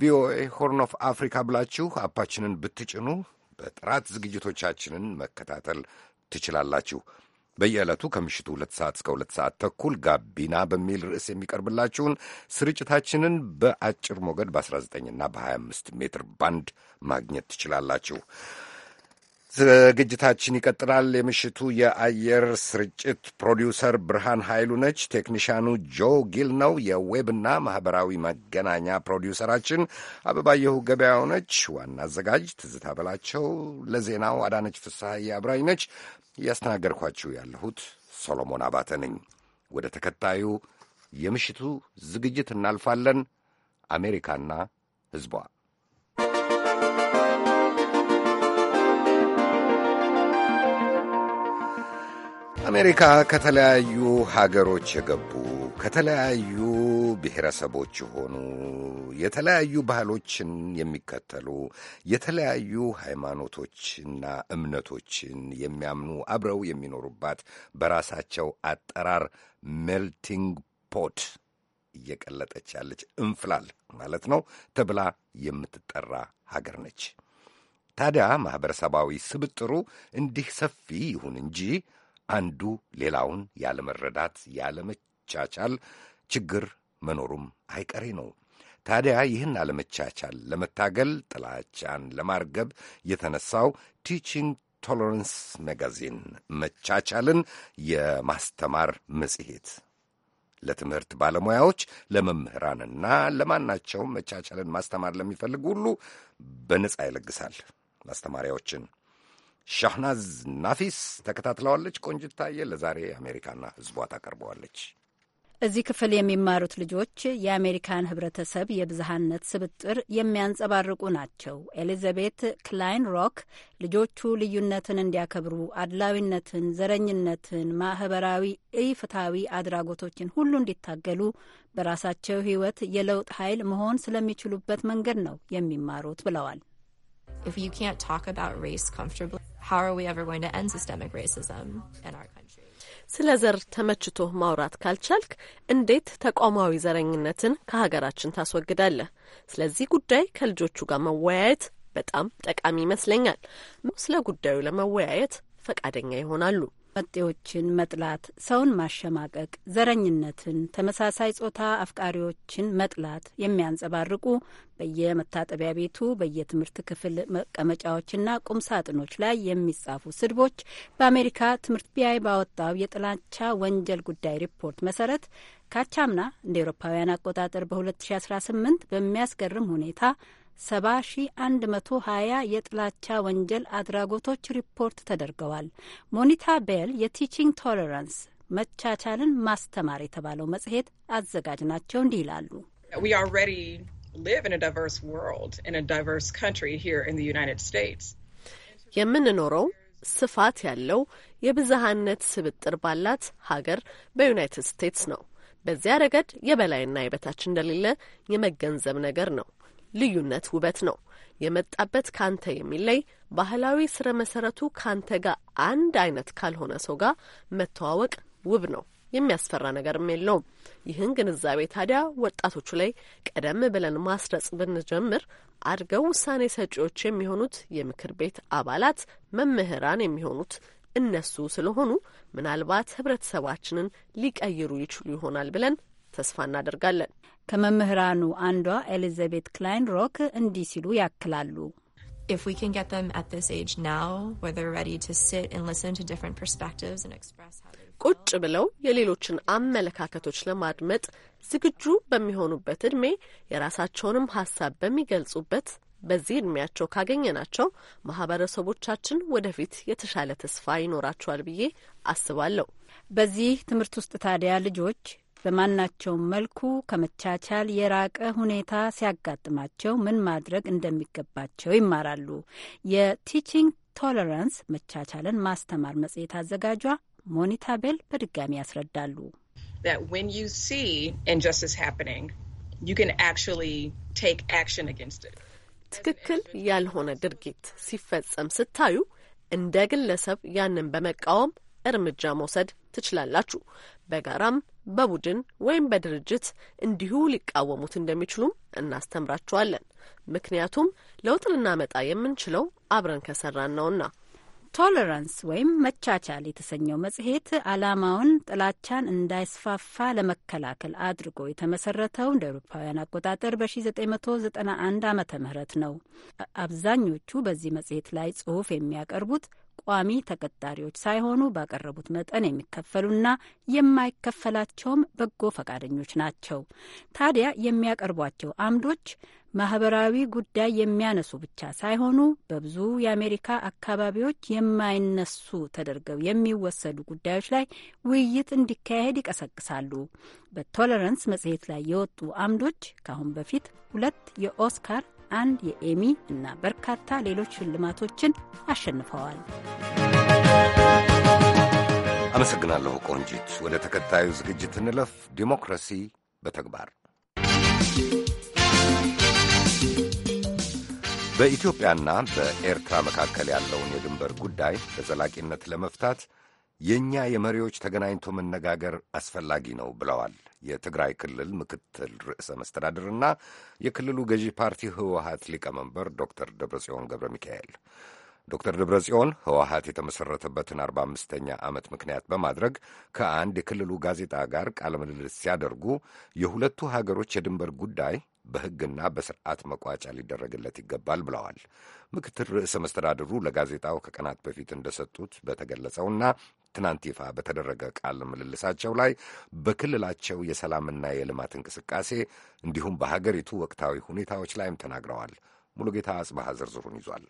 ቪኦኤ ሆርን ኦፍ አፍሪካ ብላችሁ አፓችንን ብትጭኑ በጥራት ዝግጅቶቻችንን መከታተል ትችላላችሁ። በየዕለቱ ከምሽቱ ሁለት ሰዓት እስከ ሁለት ሰዓት ተኩል ጋቢና በሚል ርዕስ የሚቀርብላችሁን ስርጭታችንን በአጭር ሞገድ በ19ና በ25 ሜትር ባንድ ማግኘት ትችላላችሁ። ዝግጅታችን ይቀጥላል። የምሽቱ የአየር ስርጭት ፕሮዲውሰር ብርሃን ኃይሉ ነች። ቴክኒሻኑ ጆ ጊል ነው። የዌብና ማኅበራዊ መገናኛ ፕሮዲውሰራችን አበባየሁ ገበያው ነች። ዋና አዘጋጅ ትዝታ በላቸው፣ ለዜናው አዳነች ፍሳ አብራኝ ነች። እያስተናገድኳችሁ ያለሁት ሶሎሞን አባተ ነኝ። ወደ ተከታዩ የምሽቱ ዝግጅት እናልፋለን። አሜሪካና ሕዝቧ አሜሪካ ከተለያዩ ሀገሮች የገቡ ከተለያዩ ብሔረሰቦች የሆኑ የተለያዩ ባህሎችን የሚከተሉ የተለያዩ ሃይማኖቶችና እምነቶችን የሚያምኑ አብረው የሚኖሩባት በራሳቸው አጠራር ሜልቲንግ ፖት እየቀለጠች ያለች እንፍላል ማለት ነው ተብላ የምትጠራ ሀገር ነች። ታዲያ ማኅበረሰባዊ ስብጥሩ እንዲህ ሰፊ ይሁን እንጂ አንዱ ሌላውን ያለመረዳት፣ ያለመቻቻል ችግር መኖሩም አይቀሬ ነው። ታዲያ ይህን አለመቻቻል ለመታገል ጥላቻን ለማርገብ የተነሳው ቲችንግ ቶለረንስ መጋዚን መቻቻልን የማስተማር መጽሔት ለትምህርት ባለሙያዎች ለመምህራንና ለማናቸውም መቻቻልን ማስተማር ለሚፈልግ ሁሉ በነጻ ይለግሳል ማስተማሪያዎችን። ሻህናዝ ናፊስ ተከታትለዋለች። ቆንጅታየ ለዛሬ አሜሪካና ህዝቧ ታቀርበዋለች። እዚህ ክፍል የሚማሩት ልጆች የአሜሪካን ህብረተሰብ የብዝሃነት ስብጥር የሚያንጸባርቁ ናቸው። ኤሊዛቤት ክላይን ሮክ ልጆቹ ልዩነትን እንዲያከብሩ፣ አድላዊነትን፣ ዘረኝነትን፣ ማህበራዊ ኢፍትሐዊ አድራጎቶችን ሁሉ እንዲታገሉ በራሳቸው ህይወት የለውጥ ኃይል መሆን ስለሚችሉበት መንገድ ነው የሚማሩት ብለዋል። ስለ ዘር ተመችቶ ማውራት ካልቻልክ እንዴት ተቋማዊ ዘረኝነትን ከሀገራችን ታስወግዳለህ? ስለዚህ ጉዳይ ከልጆቹ ጋር መወያየት በጣም ጠቃሚ ይመስለኛል። ስለ ጉዳዩ ለመወያየት ፈቃደኛ ይሆናሉ። መጤዎችን መጥላት፣ ሰውን ማሸማቀቅ፣ ዘረኝነትን፣ ተመሳሳይ ጾታ አፍቃሪዎችን መጥላት የሚያንጸባርቁ በየመታጠቢያ ቤቱ በየትምህርት ክፍል መቀመጫዎችና ቁም ሳጥኖች ላይ የሚጻፉ ስድቦች በአሜሪካ ትምህርት ቢያይ ባወጣው የጥላቻ ወንጀል ጉዳይ ሪፖርት መሰረት ካቻምና እንደ ኤሮፓውያን አቆጣጠር በ2018 በሚያስገርም ሁኔታ 70120 የጥላቻ ወንጀል አድራጎቶች ሪፖርት ተደርገዋል። ሞኒታ ቤል የቲቺንግ ቶለራንስ መቻቻልን ማስተማር የተባለው መጽሔት አዘጋጅ ናቸው። እንዲህ ይላሉ። የምንኖረው ስፋት ያለው የብዝሃነት ስብጥር ባላት ሀገር በዩናይትድ ስቴትስ ነው። በዚያ ረገድ የበላይና የበታች እንደሌለ የመገንዘብ ነገር ነው። ልዩነት ውበት ነው። የመጣበት ካንተ የሚለይ ባህላዊ ስረ መሰረቱ ካንተ ጋር አንድ አይነት ካልሆነ ሰው ጋር መተዋወቅ ውብ ነው። የሚያስፈራ ነገርም የለውም። ይህን ግንዛቤ ታዲያ ወጣቶቹ ላይ ቀደም ብለን ማስረጽ ብንጀምር አድገው ውሳኔ ሰጪዎች የሚሆኑት የምክር ቤት አባላት፣ መምህራን የሚሆኑት እነሱ ስለሆኑ ምናልባት ህብረተሰባችንን ሊቀይሩ ይችሉ ይሆናል ብለን ተስፋ እናደርጋለን። ከመምህራኑ አንዷ ኤሊዛቤት ክላይን ሮክ እንዲህ ሲሉ ያክላሉ። ቁጭ ብለው የሌሎችን አመለካከቶች ለማድመጥ ዝግጁ በሚሆኑበት እድሜ የራሳቸውንም ሀሳብ በሚገልጹበት በዚህ እድሜያቸው ካገኘናቸው ማህበረሰቦቻችን ወደፊት የተሻለ ተስፋ ይኖራቸዋል ብዬ አስባለሁ። በዚህ ትምህርት ውስጥ ታዲያ ልጆች በማናቸውም መልኩ ከመቻቻል የራቀ ሁኔታ ሲያጋጥማቸው ምን ማድረግ እንደሚገባቸው ይማራሉ። የቲቺንግ ቶለራንስ መቻቻልን ማስተማር መጽሔት አዘጋጇ ሞኒታ ቤል በድጋሚ ያስረዳሉ። ትክክል ያልሆነ ድርጊት ሲፈጸም ስታዩ እንደ ግለሰብ ያንን በመቃወም እርምጃ መውሰድ ትችላላችሁ። በጋራም በቡድን ወይም በድርጅት እንዲሁ ሊቃወሙት እንደሚችሉም እናስተምራቸዋለን። ምክንያቱም ለውጥ ልናመጣ የምንችለው አብረን ከሰራን ነውና። ቶለራንስ ወይም መቻቻል የተሰኘው መጽሔት ዓላማውን ጥላቻን እንዳይስፋፋ ለመከላከል አድርጎ የተመሰረተው እንደ አውሮፓውያን አቆጣጠር በ1991 ዓመተ ምህረት ነው። አብዛኞቹ በዚህ መጽሔት ላይ ጽሑፍ የሚያቀርቡት ቋሚ ተቀጣሪዎች ሳይሆኑ ባቀረቡት መጠን የሚከፈሉና የማይከፈላቸውም በጎ ፈቃደኞች ናቸው። ታዲያ የሚያቀርቧቸው አምዶች ማህበራዊ ጉዳይ የሚያነሱ ብቻ ሳይሆኑ በብዙ የአሜሪካ አካባቢዎች የማይነሱ ተደርገው የሚወሰዱ ጉዳዮች ላይ ውይይት እንዲካሄድ ይቀሰቅሳሉ። በቶለረንስ መጽሔት ላይ የወጡ አምዶች ከአሁን በፊት ሁለት የኦስካር አንድ የኤሚ እና በርካታ ሌሎች ሽልማቶችን አሸንፈዋል። አመሰግናለሁ ቆንጂት። ወደ ተከታዩ ዝግጅት እንለፍ። ዲሞክራሲ በተግባር በኢትዮጵያና በኤርትራ መካከል ያለውን የድንበር ጉዳይ በዘላቂነት ለመፍታት የእኛ የመሪዎች ተገናኝቶ መነጋገር አስፈላጊ ነው ብለዋል የትግራይ ክልል ምክትል ርዕሰ መስተዳድርና የክልሉ ገዢ ፓርቲ ህወሀት ሊቀመንበር ዶክተር ደብረጽዮን ገብረ ሚካኤል ዶክተር ደብረጽዮን ህወሀት የተመሠረተበትን አርባ አምስተኛ ዓመት ምክንያት በማድረግ ከአንድ የክልሉ ጋዜጣ ጋር ቃለ ምልልስ ሲያደርጉ የሁለቱ ሀገሮች የድንበር ጉዳይ በሕግና በስርዓት መቋጫ ሊደረግለት ይገባል ብለዋል። ምክትል ርዕሰ መስተዳድሩ ለጋዜጣው ከቀናት በፊት እንደሰጡት በተገለጸውና ትናንት ይፋ በተደረገ ቃለ ምልልሳቸው ላይ በክልላቸው የሰላምና የልማት እንቅስቃሴ እንዲሁም በሀገሪቱ ወቅታዊ ሁኔታዎች ላይም ተናግረዋል። ሙሉጌታ አጽባሃ ዝርዝሩን ይዟል።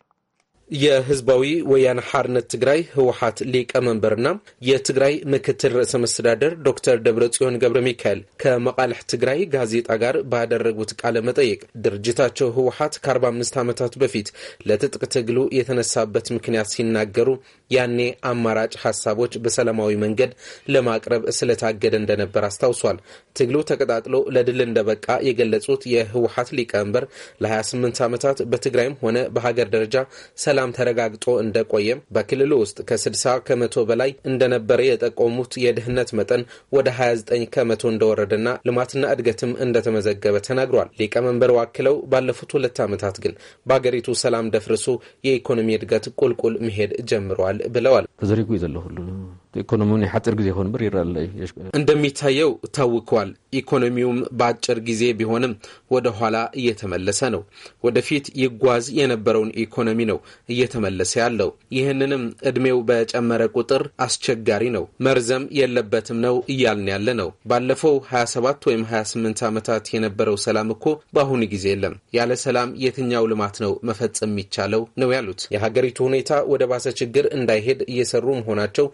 የህዝባዊ ወያነ ሓርነት ትግራይ ህወሓት ሊቀመንበርና የትግራይ ምክትል ርዕሰ መስተዳደር ዶክተር ደብረጽዮን ገብረ ሚካኤል ከመቃልሕ ትግራይ ጋዜጣ ጋር ባደረጉት ቃለ መጠይቅ ድርጅታቸው ህወሓት ከ45 ዓመታት በፊት ለትጥቅ ትግሉ የተነሳበት ምክንያት ሲናገሩ ያኔ አማራጭ ሀሳቦች በሰላማዊ መንገድ ለማቅረብ ስለታገደ እንደነበር አስታውሷል። ትግሉ ተቀጣጥሎ ለድል እንደበቃ የገለጹት የህወሓት ሊቀመንበር ለ28 ዓመታት በትግራይም ሆነ በሀገር ደረጃ ሰላም ተረጋግጦ እንደቆየም በክልሉ ውስጥ ከ60 ከመቶ በላይ እንደነበረ የጠቆሙት የድህነት መጠን ወደ 29 ከመቶ እንደወረደና ልማትና እድገትም እንደተመዘገበ ተናግሯል። ሊቀመንበሩ አክለው ባለፉት ሁለት ዓመታት ግን በአገሪቱ ሰላም ደፍርሶ የኢኮኖሚ እድገት ቁልቁል መሄድ ጀምረዋል ብለዋል። ኢኮኖሚውን የአጭር ጊዜ ሆን ብር ይራል እንደሚታየው ታውኳል። ኢኮኖሚውም በአጭር ጊዜ ቢሆንም ወደ ኋላ እየተመለሰ ነው። ወደፊት ይጓዝ የነበረውን ኢኮኖሚ ነው እየተመለሰ ያለው። ይህንንም እድሜው በጨመረ ቁጥር አስቸጋሪ ነው፣ መርዘም የለበትም ነው እያልን ያለ ነው። ባለፈው 27 ወይም 28 ዓመታት የነበረው ሰላም እኮ በአሁኑ ጊዜ የለም። ያለ ሰላም የትኛው ልማት ነው መፈጸም የሚቻለው ነው ያሉት። የሀገሪቱ ሁኔታ ወደ ባሰ ችግር እንዳይሄድ እየሰሩ መሆናቸው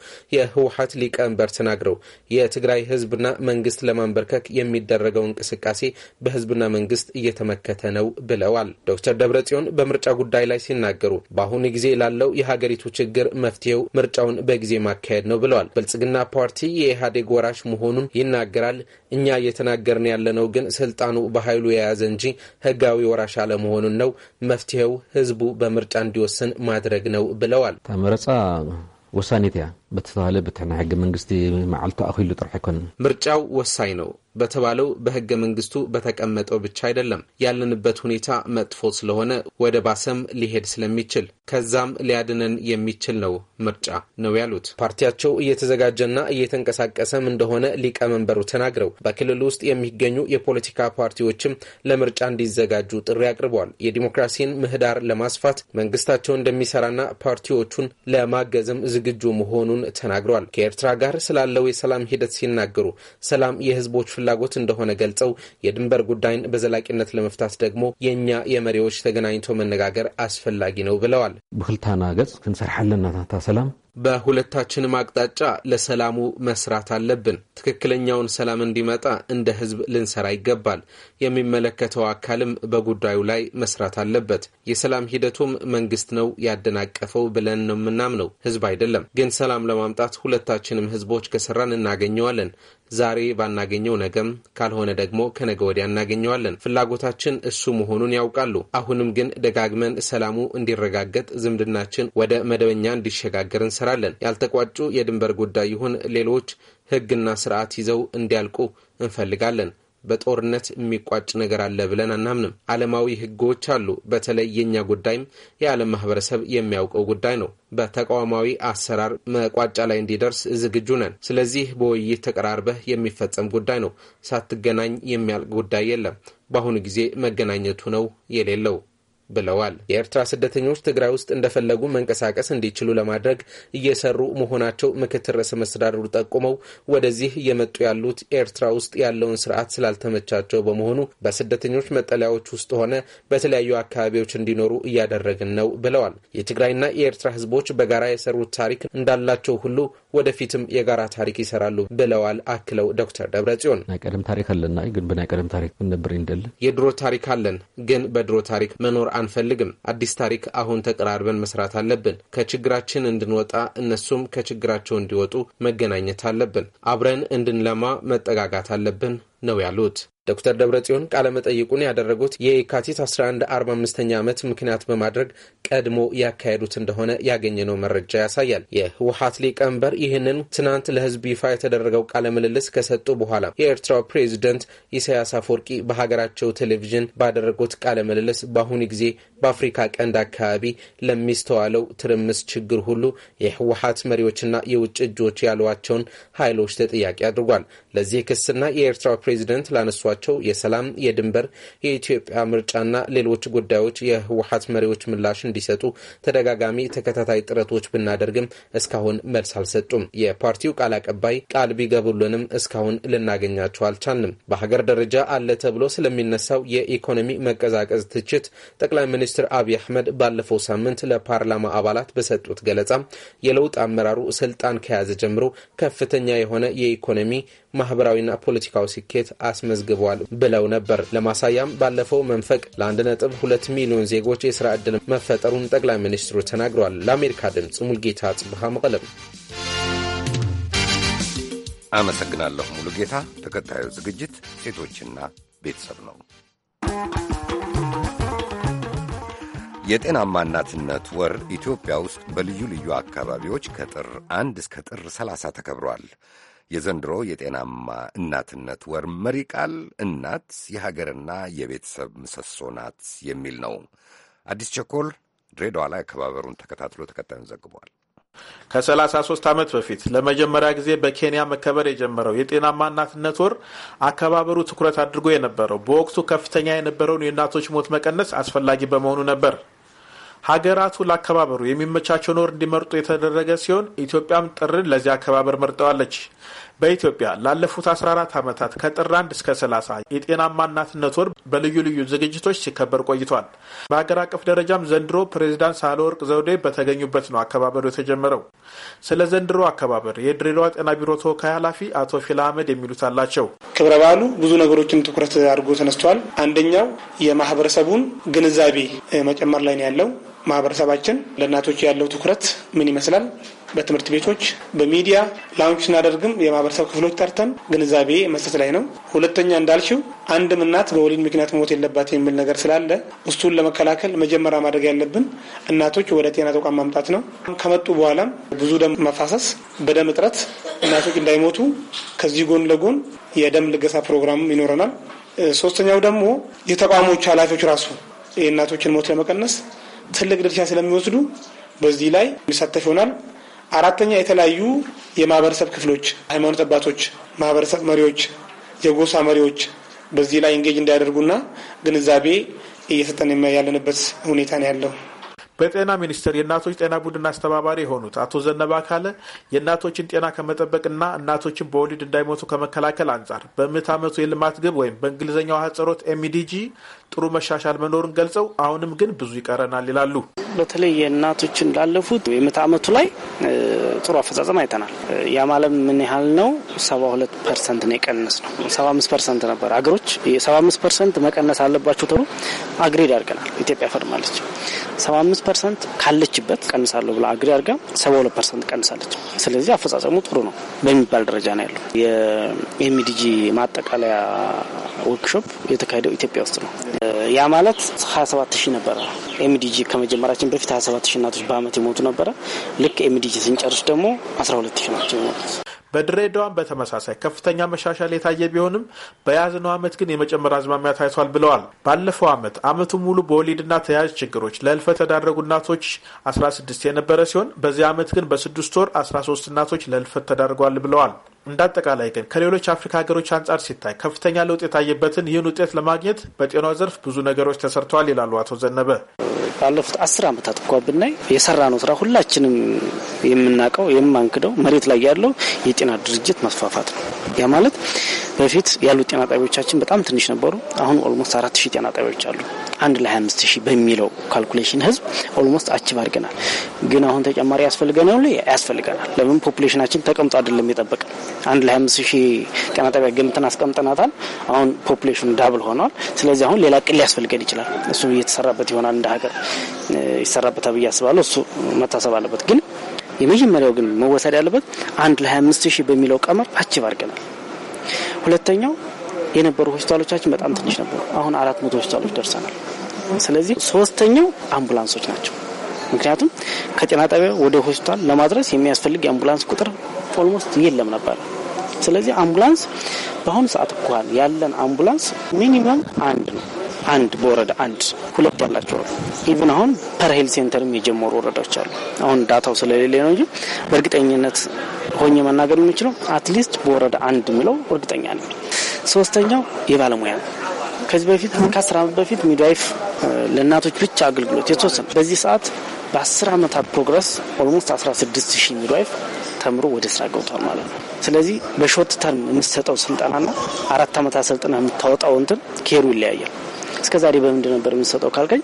የህወሀት ሊቀመንበር ተናግረው የትግራይ ህዝብና መንግስት ለማንበርከክ የሚደረገው እንቅስቃሴ በህዝብና መንግስት እየተመከተ ነው ብለዋል። ዶክተር ደብረጽዮን በምርጫ ጉዳይ ላይ ሲናገሩ በአሁኑ ጊዜ ላለው የሀገሪቱ ችግር መፍትሄው ምርጫውን በጊዜ ማካሄድ ነው ብለዋል። ብልጽግና ፓርቲ የኢህአዴግ ወራሽ መሆኑን ይናገራል። እኛ እየተናገርን ያለነው ግን ስልጣኑ በኃይሉ የያዘ እንጂ ህጋዊ ወራሽ አለመሆኑን ነው። መፍትሄው ህዝቡ በምርጫ እንዲወስን ማድረግ ነው ብለዋል። ወሳኔት ያ በተባለ ብትሕና ሕገ መንግስቲ መዓልቱ ኣኺሉ ጥራሕ ኣይኮነ ምርጫው ወሳኝ ነው በተባለው በሕገ መንግስቱ በተቀመጠው ብቻ አይደለም። ያለንበት ሁኔታ መጥፎ ስለሆነ ወደ ባሰም ሊሄድ ስለሚችል ከዛም ሊያድነን የሚችል ነው ምርጫ ነው ያሉት። ፓርቲያቸው እየተዘጋጀና እየተንቀሳቀሰም እንደሆነ ሊቀመንበሩ ተናግረው በክልል ውስጥ የሚገኙ የፖለቲካ ፓርቲዎችም ለምርጫ እንዲዘጋጁ ጥሪ አቅርበዋል። የዲሞክራሲን ምህዳር ለማስፋት መንግስታቸው እንደሚሰራና ፓርቲዎቹን ለማገዝም ዝግጁ መሆኑን መሆኑን ተናግረዋል። ከኤርትራ ጋር ስላለው የሰላም ሂደት ሲናገሩ ሰላም የህዝቦች ፍላጎት እንደሆነ ገልጸው የድንበር ጉዳይን በዘላቂነት ለመፍታት ደግሞ የእኛ የመሪዎች ተገናኝቶ መነጋገር አስፈላጊ ነው ብለዋል። ብክልታና ገጽ ክንሰርሐ ሰላም በሁለታችንም አቅጣጫ ለሰላሙ መስራት አለብን። ትክክለኛውን ሰላም እንዲመጣ እንደ ህዝብ ልንሰራ ይገባል። የሚመለከተው አካልም በጉዳዩ ላይ መስራት አለበት። የሰላም ሂደቱም መንግስት ነው ያደናቀፈው ብለን ነው የምናምነው፣ ህዝብ አይደለም። ግን ሰላም ለማምጣት ሁለታችንም ህዝቦች ከሰራን እናገኘዋለን። ዛሬ ባናገኘው ነገም ካልሆነ ደግሞ ከነገ ወዲያ እናገኘዋለን። ፍላጎታችን እሱ መሆኑን ያውቃሉ። አሁንም ግን ደጋግመን ሰላሙ እንዲረጋገጥ ዝምድናችን ወደ መደበኛ እንዲሸጋገር እንሰራለን። ያልተቋጩ የድንበር ጉዳይ ይሁን ሌሎች ህግና ስርዓት ይዘው እንዲያልቁ እንፈልጋለን። በጦርነት የሚቋጭ ነገር አለ ብለን አናምንም። ዓለማዊ ህጎች አሉ። በተለይ የእኛ ጉዳይም የዓለም ማህበረሰብ የሚያውቀው ጉዳይ ነው። በተቋማዊ አሰራር መቋጫ ላይ እንዲደርስ ዝግጁ ነን። ስለዚህ በውይይት ተቀራርበህ የሚፈጸም ጉዳይ ነው። ሳትገናኝ የሚያልቅ ጉዳይ የለም። በአሁኑ ጊዜ መገናኘቱ ነው የሌለው። ብለዋል። የኤርትራ ስደተኞች ትግራይ ውስጥ እንደፈለጉ መንቀሳቀስ እንዲችሉ ለማድረግ እየሰሩ መሆናቸው ምክትል ርዕሰ መስተዳድሩ ጠቁመው ወደዚህ እየመጡ ያሉት ኤርትራ ውስጥ ያለውን ስርዓት ስላልተመቻቸው በመሆኑ በስደተኞች መጠለያዎች ውስጥ ሆነ በተለያዩ አካባቢዎች እንዲኖሩ እያደረግን ነው ብለዋል። የትግራይና የኤርትራ ህዝቦች በጋራ የሰሩት ታሪክ እንዳላቸው ሁሉ ወደፊትም የጋራ ታሪክ ይሰራሉ ብለዋል። አክለው ዶክተር ደብረጽዮን ናይ ቀደም ታሪክ አለና ግን ብናይ ቀደም ታሪክ ነብር የድሮ ታሪክ አለን ግን በድሮ ታሪክ መኖር አንፈልግም። አዲስ ታሪክ አሁን ተቀራርበን መስራት አለብን። ከችግራችን እንድንወጣ እነሱም ከችግራቸው እንዲወጡ መገናኘት አለብን። አብረን እንድንለማ መጠጋጋት አለብን ነው ያሉት። ዶክተር ደብረጽዮን ቃለመጠይቁን ያደረጉት የካቲት 11 45ኛ ዓመት ምክንያት በማድረግ ቀድሞ ያካሄዱት እንደሆነ ያገኘነው መረጃ ያሳያል። የህወሀት ሊቀመንበር ይህንን ትናንት ለህዝብ ይፋ የተደረገው ቃለ ምልልስ ከሰጡ በኋላ የኤርትራው ፕሬዚደንት ኢሳያስ አፈወርቂ በሀገራቸው ቴሌቪዥን ባደረጉት ቃለ ምልልስ በአሁኑ ጊዜ በአፍሪካ ቀንድ አካባቢ ለሚስተዋለው ትርምስ ችግር ሁሉ የህወሀት መሪዎችና የውጭ እጆች ያሏቸውን ኃይሎች ተጠያቂ አድርጓል። ለዚህ ክስና የኤርትራ ፕሬዚደንት ላነሷቸው የሰላም፣ የድንበር፣ የኢትዮጵያ ምርጫና ሌሎች ጉዳዮች የህወሀት መሪዎች ምላሽ እንዲሰጡ ተደጋጋሚ ተከታታይ ጥረቶች ብናደርግም እስካሁን መልስ አልሰጡም። የፓርቲው ቃል አቀባይ ቃል ቢገቡልንም እስካሁን ልናገኛቸው አልቻልንም። በሀገር ደረጃ አለ ተብሎ ስለሚነሳው የኢኮኖሚ መቀዛቀዝ ትችት ጠቅላይ ሚኒስ ሚኒስትር አብይ አህመድ ባለፈው ሳምንት ለፓርላማ አባላት በሰጡት ገለጻ የለውጥ አመራሩ ስልጣን ከያዘ ጀምሮ ከፍተኛ የሆነ የኢኮኖሚ ማህበራዊና ፖለቲካዊ ስኬት አስመዝግበዋል ብለው ነበር። ለማሳያም ባለፈው መንፈቅ ለ1.2 ሚሊዮን ዜጎች የስራ ዕድል መፈጠሩን ጠቅላይ ሚኒስትሩ ተናግረዋል። ለአሜሪካ ድምፅ ሙልጌታ ጽብሃ መቀለም። አመሰግናለሁ ሙሉጌታ። ተከታዩ ዝግጅት ሴቶችና ቤተሰብ ነው። የጤናማ እናትነት ወር ኢትዮጵያ ውስጥ በልዩ ልዩ አካባቢዎች ከጥር አንድ እስከ ጥር 30 ተከብሯል። የዘንድሮ የጤናማ እናትነት ወር መሪ ቃል እናት የሀገርና የቤተሰብ ምሰሶ ናት የሚል ነው። አዲስ ቸኮል ድሬዳዋ ላይ አከባበሩን ተከታትሎ ተከታዩን ዘግቧል። ከ33 ዓመት በፊት ለመጀመሪያ ጊዜ በኬንያ መከበር የጀመረው የጤናማ እናትነት ወር አከባበሩ ትኩረት አድርጎ የነበረው በወቅቱ ከፍተኛ የነበረውን የእናቶች ሞት መቀነስ አስፈላጊ በመሆኑ ነበር። ሀገራቱ ለአከባበሩ የሚመቻቸውን ወር እንዲመርጡ የተደረገ ሲሆን ኢትዮጵያም ጥርን ለዚህ አከባበር መርጠዋለች። በኢትዮጵያ ላለፉት 14 ዓመታት ከጥር 1 እስከ 30 የጤናማ እናትነት ወር በልዩ ልዩ ዝግጅቶች ሲከበር ቆይቷል። በሀገር አቀፍ ደረጃም ዘንድሮ ፕሬዚዳንት ሳህለወርቅ ዘውዴ በተገኙበት ነው አከባበሩ የተጀመረው። ስለ ዘንድሮ አከባበር የድሬዳዋ ጤና ቢሮ ተወካይ ኃላፊ አቶ ፊላ አህመድ የሚሉት አላቸው። ክብረ በዓሉ ብዙ ነገሮችን ትኩረት አድርጎ ተነስቷል። አንደኛው የማህበረሰቡን ግንዛቤ መጨመር ላይ ነው ያለው። ማህበረሰባችን ለእናቶች ያለው ትኩረት ምን ይመስላል? በትምህርት ቤቶች፣ በሚዲያ ላውንች ስናደርግም የማህበረሰብ ክፍሎች ጠርተን ግንዛቤ መስጠት ላይ ነው። ሁለተኛ እንዳልሽው አንድም እናት በወሊድ ምክንያት መሞት የለባት የሚል ነገር ስላለ እሱን ለመከላከል መጀመሪያ ማድረግ ያለብን እናቶች ወደ ጤና ተቋም ማምጣት ነው። ከመጡ በኋላም ብዙ ደም መፋሰስ፣ በደም እጥረት እናቶች እንዳይሞቱ ከዚህ ጎን ለጎን የደም ልገሳ ፕሮግራም ይኖረናል። ሶስተኛው ደግሞ የተቋሞች ኃላፊዎች ራሱ የእናቶችን ሞት ለመቀነስ ትልቅ ድርሻ ስለሚወስዱ በዚህ ላይ ይሳተፍ ይሆናል። አራተኛ የተለያዩ የማህበረሰብ ክፍሎች፣ ሃይማኖት አባቶች፣ ማህበረሰብ መሪዎች፣ የጎሳ መሪዎች በዚህ ላይ እንጌጅ እንዳያደርጉና ግንዛቤ እየሰጠን ያለንበት ሁኔታ ነው ያለው። በጤና ሚኒስቴር የእናቶች ጤና ቡድን አስተባባሪ የሆኑት አቶ ዘነባ ካለ የእናቶችን ጤና ከመጠበቅና እናቶችን በወሊድ እንዳይሞቱ ከመከላከል አንጻር በምዕተ ዓመቱ የልማት ግብ ወይም በእንግሊዝኛው አህጽሮት ኤምዲጂ ጥሩ መሻሻል መኖሩን ገልጸው አሁንም ግን ብዙ ይቀረናል ይላሉ። በተለይ የእናቶች እንዳለፉት የምዕተ ዓመቱ ላይ ጥሩ አፈጻጸም አይተናል። ያማለም ምን ያህል ነው? ሰባ ሁለት ፐርሰንት ነው የቀነስ ነው። ሰባ ፐርሰንት ነበር። አገሮች የሰባ ፐርሰንት መቀነስ አለባቸው ተብሎ አግሬድ አድርገናል። ኢትዮጵያ ፈርማለች። ሰባ ፐርሰንት ካለችበት ቀንሳለሁ ብላ አግሬድ አድርጋ ሰባ ፐርሰንት ቀንሳለች። ስለዚህ አፈጻጸሙ ጥሩ ነው በሚባል ደረጃ ነው ያለው። የኤምዲጂ ማጠቃለያ ወርክሾፕ የተካሄደው ኢትዮጵያ ውስጥ ነው። ያ ማለት 27 ሺህ ነበረ ኤምዲጂ ከመጀመራችን በፊት 27 ሺህ እናቶች በአመት የሞቱ ነበረ። ልክ ኤምዲጂ ስንጨርስ ደግሞ 12 ሺህ ናቸው የሞቱት። በድሬዳዋን በተመሳሳይ ከፍተኛ መሻሻል የታየ ቢሆንም በያዝነው ዓመት ግን የመጨመር አዝማሚያ ታይቷል ብለዋል። ባለፈው ዓመት ዓመቱ ሙሉ በወሊድና ተያያዥ ችግሮች ለህልፈት ተዳረጉ እናቶች 16 የነበረ ሲሆን በዚህ ዓመት ግን በስድስት ወር 13 እናቶች ለህልፈት ተዳርገዋል ብለዋል። እንዳጠቃላይ ግን ከሌሎች አፍሪካ ሀገሮች አንጻር ሲታይ ከፍተኛ ለውጥ የታየበትን ይህን ውጤት ለማግኘት በጤናው ዘርፍ ብዙ ነገሮች ተሰርተዋል ይላሉ አቶ ዘነበ። ባለፉት አስር ዓመታት እንኳ ብናይ የሰራ ነው ስራ ሁላችንም የምናውቀው የማንክደው መሬት ላይ ያለው የጤና ድርጅት መስፋፋት ነው። ያ ማለት በፊት ያሉ ጤና ጣቢያዎቻችን በጣም ትንሽ ነበሩ። አሁን ኦልሞስት አራት ሺህ ጤና ጣቢያዎች አሉ። አንድ ለ25 ሺህ በሚለው ካልኩሌሽን ህዝብ ኦልሞስት አችብ አድርገናል። ግን አሁን ተጨማሪ ያስፈልገናል ያስፈልገናል። ለምን ፖፕሌሽናችን ተቀምጦ አይደለም የጠበቅ አንድ ለ25 ሺህ ጤና ጣቢያ አስቀምጠናታል። አሁን ፖፕሌሽኑ ዳብል ሆኗል። ስለዚህ አሁን ሌላ ቅል ሊያስፈልገን ይችላል። እሱ እየተሰራበት ይሆናል፣ እንደ ሀገር ይሰራበታል ብዬ አስባለሁ። እሱ መታሰብ አለበት። ግን የመጀመሪያው ግን መወሰድ ያለበት አንድ ለ25 ሺህ በሚለው ቀመር አችብ አድርገናል። ሁለተኛው የነበሩ ሆስፒታሎቻችን በጣም ትንሽ ነበሩ። አሁን አራት መቶ ሆስፒታሎች ደርሰናል። ስለዚህ ሶስተኛው አምቡላንሶች ናቸው። ምክንያቱም ከጤና ጣቢያ ወደ ሆስፒታል ለማድረስ የሚያስፈልግ የአምቡላንስ ቁጥር ኦልሞስት የለም ነበር። ስለዚህ አምቡላንስ በአሁኑ ሰዓት እንኳን ያለን አምቡላንስ ሚኒመም አንድ ነው። አንድ በወረዳ አንድ ሁለት ያላቸው ኢቭን አሁን ፐርሄል ሴንተርም የጀመሩ ወረዳዎች አሉ። አሁን ዳታው ስለሌለ ነው እንጂ በእርግጠኝነት ሆኜ መናገር የምችለው አትሊስት በወረዳ አንድ የሚለው እርግጠኛ ነው። ሶስተኛው የባለሙያ ከዚህ በፊት ከአስር ዓመት በፊት ሚድዋይፍ ለእናቶች ብቻ አገልግሎት የተወሰነ በዚህ ሰዓት በአስር ዓመታት ፕሮግረስ ኦልሞስት 16 ሺህ ሚድዋይፍ ተምሮ ወደ ስራ ገብቷል ማለት ነው። ስለዚህ በሾርት ተርም የምትሰጠው ስልጠናና አራት ዓመት አሰልጥና የምታወጣው እንትን ኬሩ ይለያያል። እስከ ዛሬ በምንድን ነበር የምትሰጠው ካልቀኝ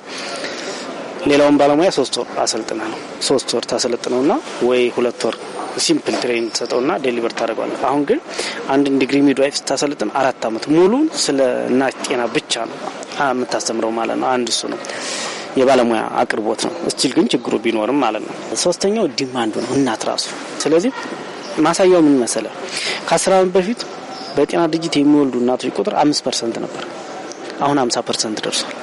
ሌላውን ባለሙያ ሶስት ወር አሰልጥና ነው ሶስት ወር ታሰለጥነውና ወይ ሁለት ወር ሲምፕል ትሬን ሰጠውና ዴሊቨር ታደርጓለህ። አሁን ግን አንድን ዲግሪ ሚድዋይፍ ስታሰልጥን አራት ዓመት ሙሉን ስለ እናት ጤና ብቻ ነው የምታስተምረው ማለት ነው። አንድ እሱ ነው የባለሙያ አቅርቦት ነው። እስችል ግን ችግሩ ቢኖርም ማለት ነው። ሶስተኛው ዲማንዱ ነው እናት ራሱ። ስለዚህ ማሳያው ምን መሰለ፣ ከአስር ዓመት በፊት በጤና ድርጅት የሚወልዱ እናቶች ቁጥር አምስት ፐርሰንት ነበር። አሁን አምሳ ፐርሰንት ደርሷል።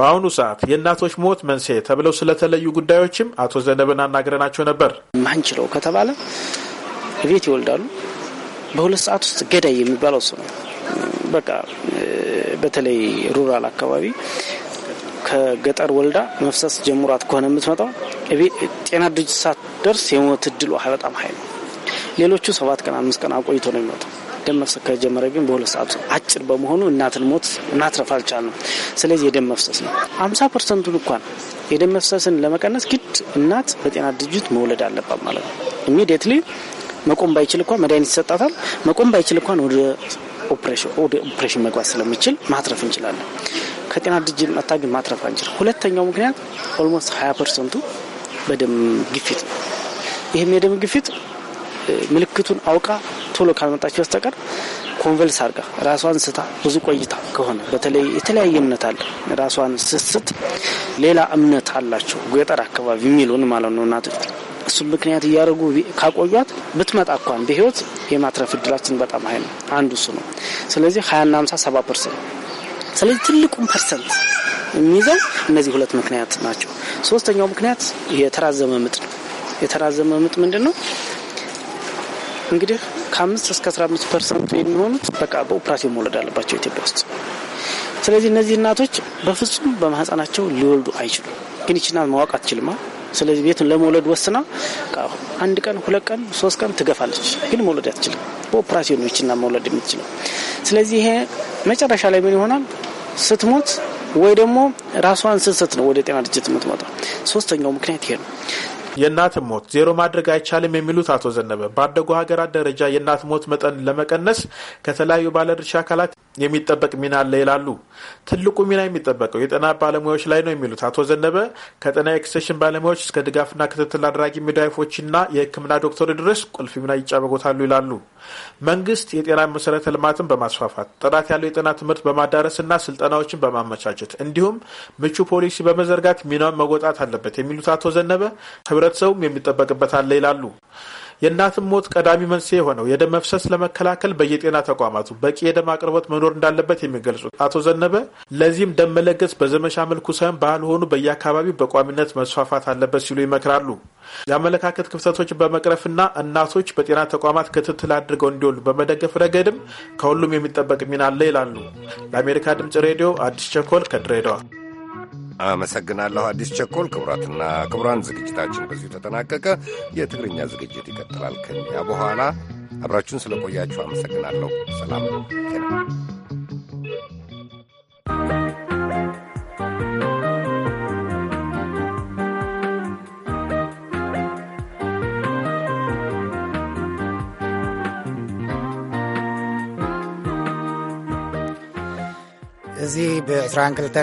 በአሁኑ ሰዓት የእናቶች ሞት መንስኤ ተብለው ስለተለዩ ጉዳዮችም አቶ ዘነብን አናግረናቸው ነበር። ማንችለው ከተባለ ቤት ይወልዳሉ። በሁለት ሰዓት ውስጥ ገዳይ የሚባለው ሰው ነው። በቃ በተለይ ሩራል አካባቢ ከገጠር ወልዳ መፍሰስ ጀምሯት ከሆነ የምትመጣው ጤና ድርጅት ሳትደርስ የሞት እድሉ በጣም ሀይ ነው። ሌሎቹ ሰባት ቀን አምስት ቀን አቆይቶ ነው የሚመጣው። የደም መፍሰስ ከጀመረ ግን በሁለት ሰዓት አጭር በመሆኑ እናትን ሞት ማትረፍ አልቻልንም። ስለዚህ የደም መፍሰስ ነው። አምሳ ፐርሰንቱን እንኳን የደም መፍሰስን ለመቀነስ ግድ እናት በጤና ድርጅት መውለድ አለባት ማለት ነው። ኢሚዲየትሊ መቆም ባይችል እንኳን መድኃኒት ይሰጣታል። መቆም ባይችል እንኳን ወደ ኦፕሬሽን መግባት ስለምችል ማትረፍ እንችላለን። ከጤና ድርጅት መታ ግን ማትረፍ አንችል። ሁለተኛው ምክንያት ኦልሞስት ሀያ ፐርሰንቱ በደም ግፊት ነው። ይህም የደም ግፊት ምልክቱን አውቃ ቶሎ ካልመጣቸው በስተቀር ኮንቨልስ አድርጋ ራሷን ስታ ብዙ ቆይታ ከሆነ በተለይ የተለያየ እምነት አለ። ራሷን ስስት ሌላ እምነት አላቸው ገጠር አካባቢ የሚሉን ማለት ነው እናቶች እሱን ምክንያት እያደረጉ ካቆያት ብትመጣ እኳን በህይወት የማትረፍ እድላችን በጣም ሀይ ነው። አንዱ እሱ ነው። ስለዚህ ሀያና ሀምሳ ሰባ ፐርሰንት ስለዚህ ትልቁን ፐርሰንት የሚይዘው እነዚህ ሁለት ምክንያት ናቸው። ሶስተኛው ምክንያት የተራዘመ ምጥ ነው። የተራዘመ ምጥ ምንድን ነው? እንግዲህ ከአምስት እስከ አስራ አምስት ፐርሰንት የሚሆኑት በቃ በኦፕራሲዮን መውለድ አለባቸው ኢትዮጵያ ውስጥ። ስለዚህ እነዚህ እናቶች በፍጹም በማህፀናቸው ሊወልዱ አይችሉም። ግን ይችና ማወቅ አትችልማ። ስለዚህ ቤትን ለመውለድ ወስና አንድ ቀን ሁለት ቀን ሶስት ቀን ትገፋለች፣ ግን መውለድ አትችልም። በኦፕራሲዮን ይችና መውለድ የምትችለው። ስለዚህ ይሄ መጨረሻ ላይ ምን ይሆናል? ስትሞት ወይ ደግሞ ራሷን ስንስት ነው ወደ ጤና ድርጅት የምትመጣው። ሶስተኛው ምክንያት ይሄ ነው። የእናት ሞት ዜሮ ማድረግ አይቻልም የሚሉት አቶ ዘነበ ባደጉ ሀገራት ደረጃ የእናት ሞት መጠን ለመቀነስ ከተለያዩ ባለድርሻ አካላት የሚጠበቅ ሚና አለ ይላሉ። ትልቁ ሚና የሚጠበቀው የጤና ባለሙያዎች ላይ ነው የሚሉት አቶ ዘነበ ከጤና ኤክስቴንሽን ባለሙያዎች እስከ ድጋፍና ክትትል አድራጊ ሚድዋይፎችና የሕክምና ዶክተር ድረስ ቁልፍ ሚና ይጫበጎታሉ ይላሉ። መንግስት የጤና መሰረተ ልማትን በማስፋፋት ጥራት ያለው የጤና ትምህርት በማዳረስና ስልጠናዎችን በማመቻቸት እንዲሁም ምቹ ፖሊሲ በመዘርጋት ሚናውን መወጣት አለበት የሚሉት አቶ ዘነበ ህብረተሰቡም የሚጠበቅበት አለ ይላሉ። የእናትም ሞት ቀዳሚ መንስኤ የሆነው የደም መፍሰስ ለመከላከል በየጤና ተቋማቱ በቂ የደም አቅርቦት መኖር እንዳለበት የሚገልጹት አቶ ዘነበ ለዚህም ደም መለገስ በዘመቻ መልኩ ሳይሆን ባህል ሆኑ በየአካባቢው በቋሚነት መስፋፋት አለበት ሲሉ ይመክራሉ። የአመለካከት ክፍተቶችን በመቅረፍና እናቶች በጤና ተቋማት ክትትል አድርገው እንዲወሉ በመደገፍ ረገድም ከሁሉም የሚጠበቅ ሚና አለ ይላሉ። ለአሜሪካ ድምጽ ሬዲዮ አዲስ ቸኮል ከድሬዳዋ አመሰግናለሁ አዲስ ቸኮል። ክቡራትና ክቡራን ዝግጅታችን በዚሁ ተጠናቀቀ። የትግርኛ ዝግጅት ይቀጥላል ከኛ በኋላ። አብራችሁን ስለቆያችሁ አመሰግናለሁ። ሰላም እዚ ብ 22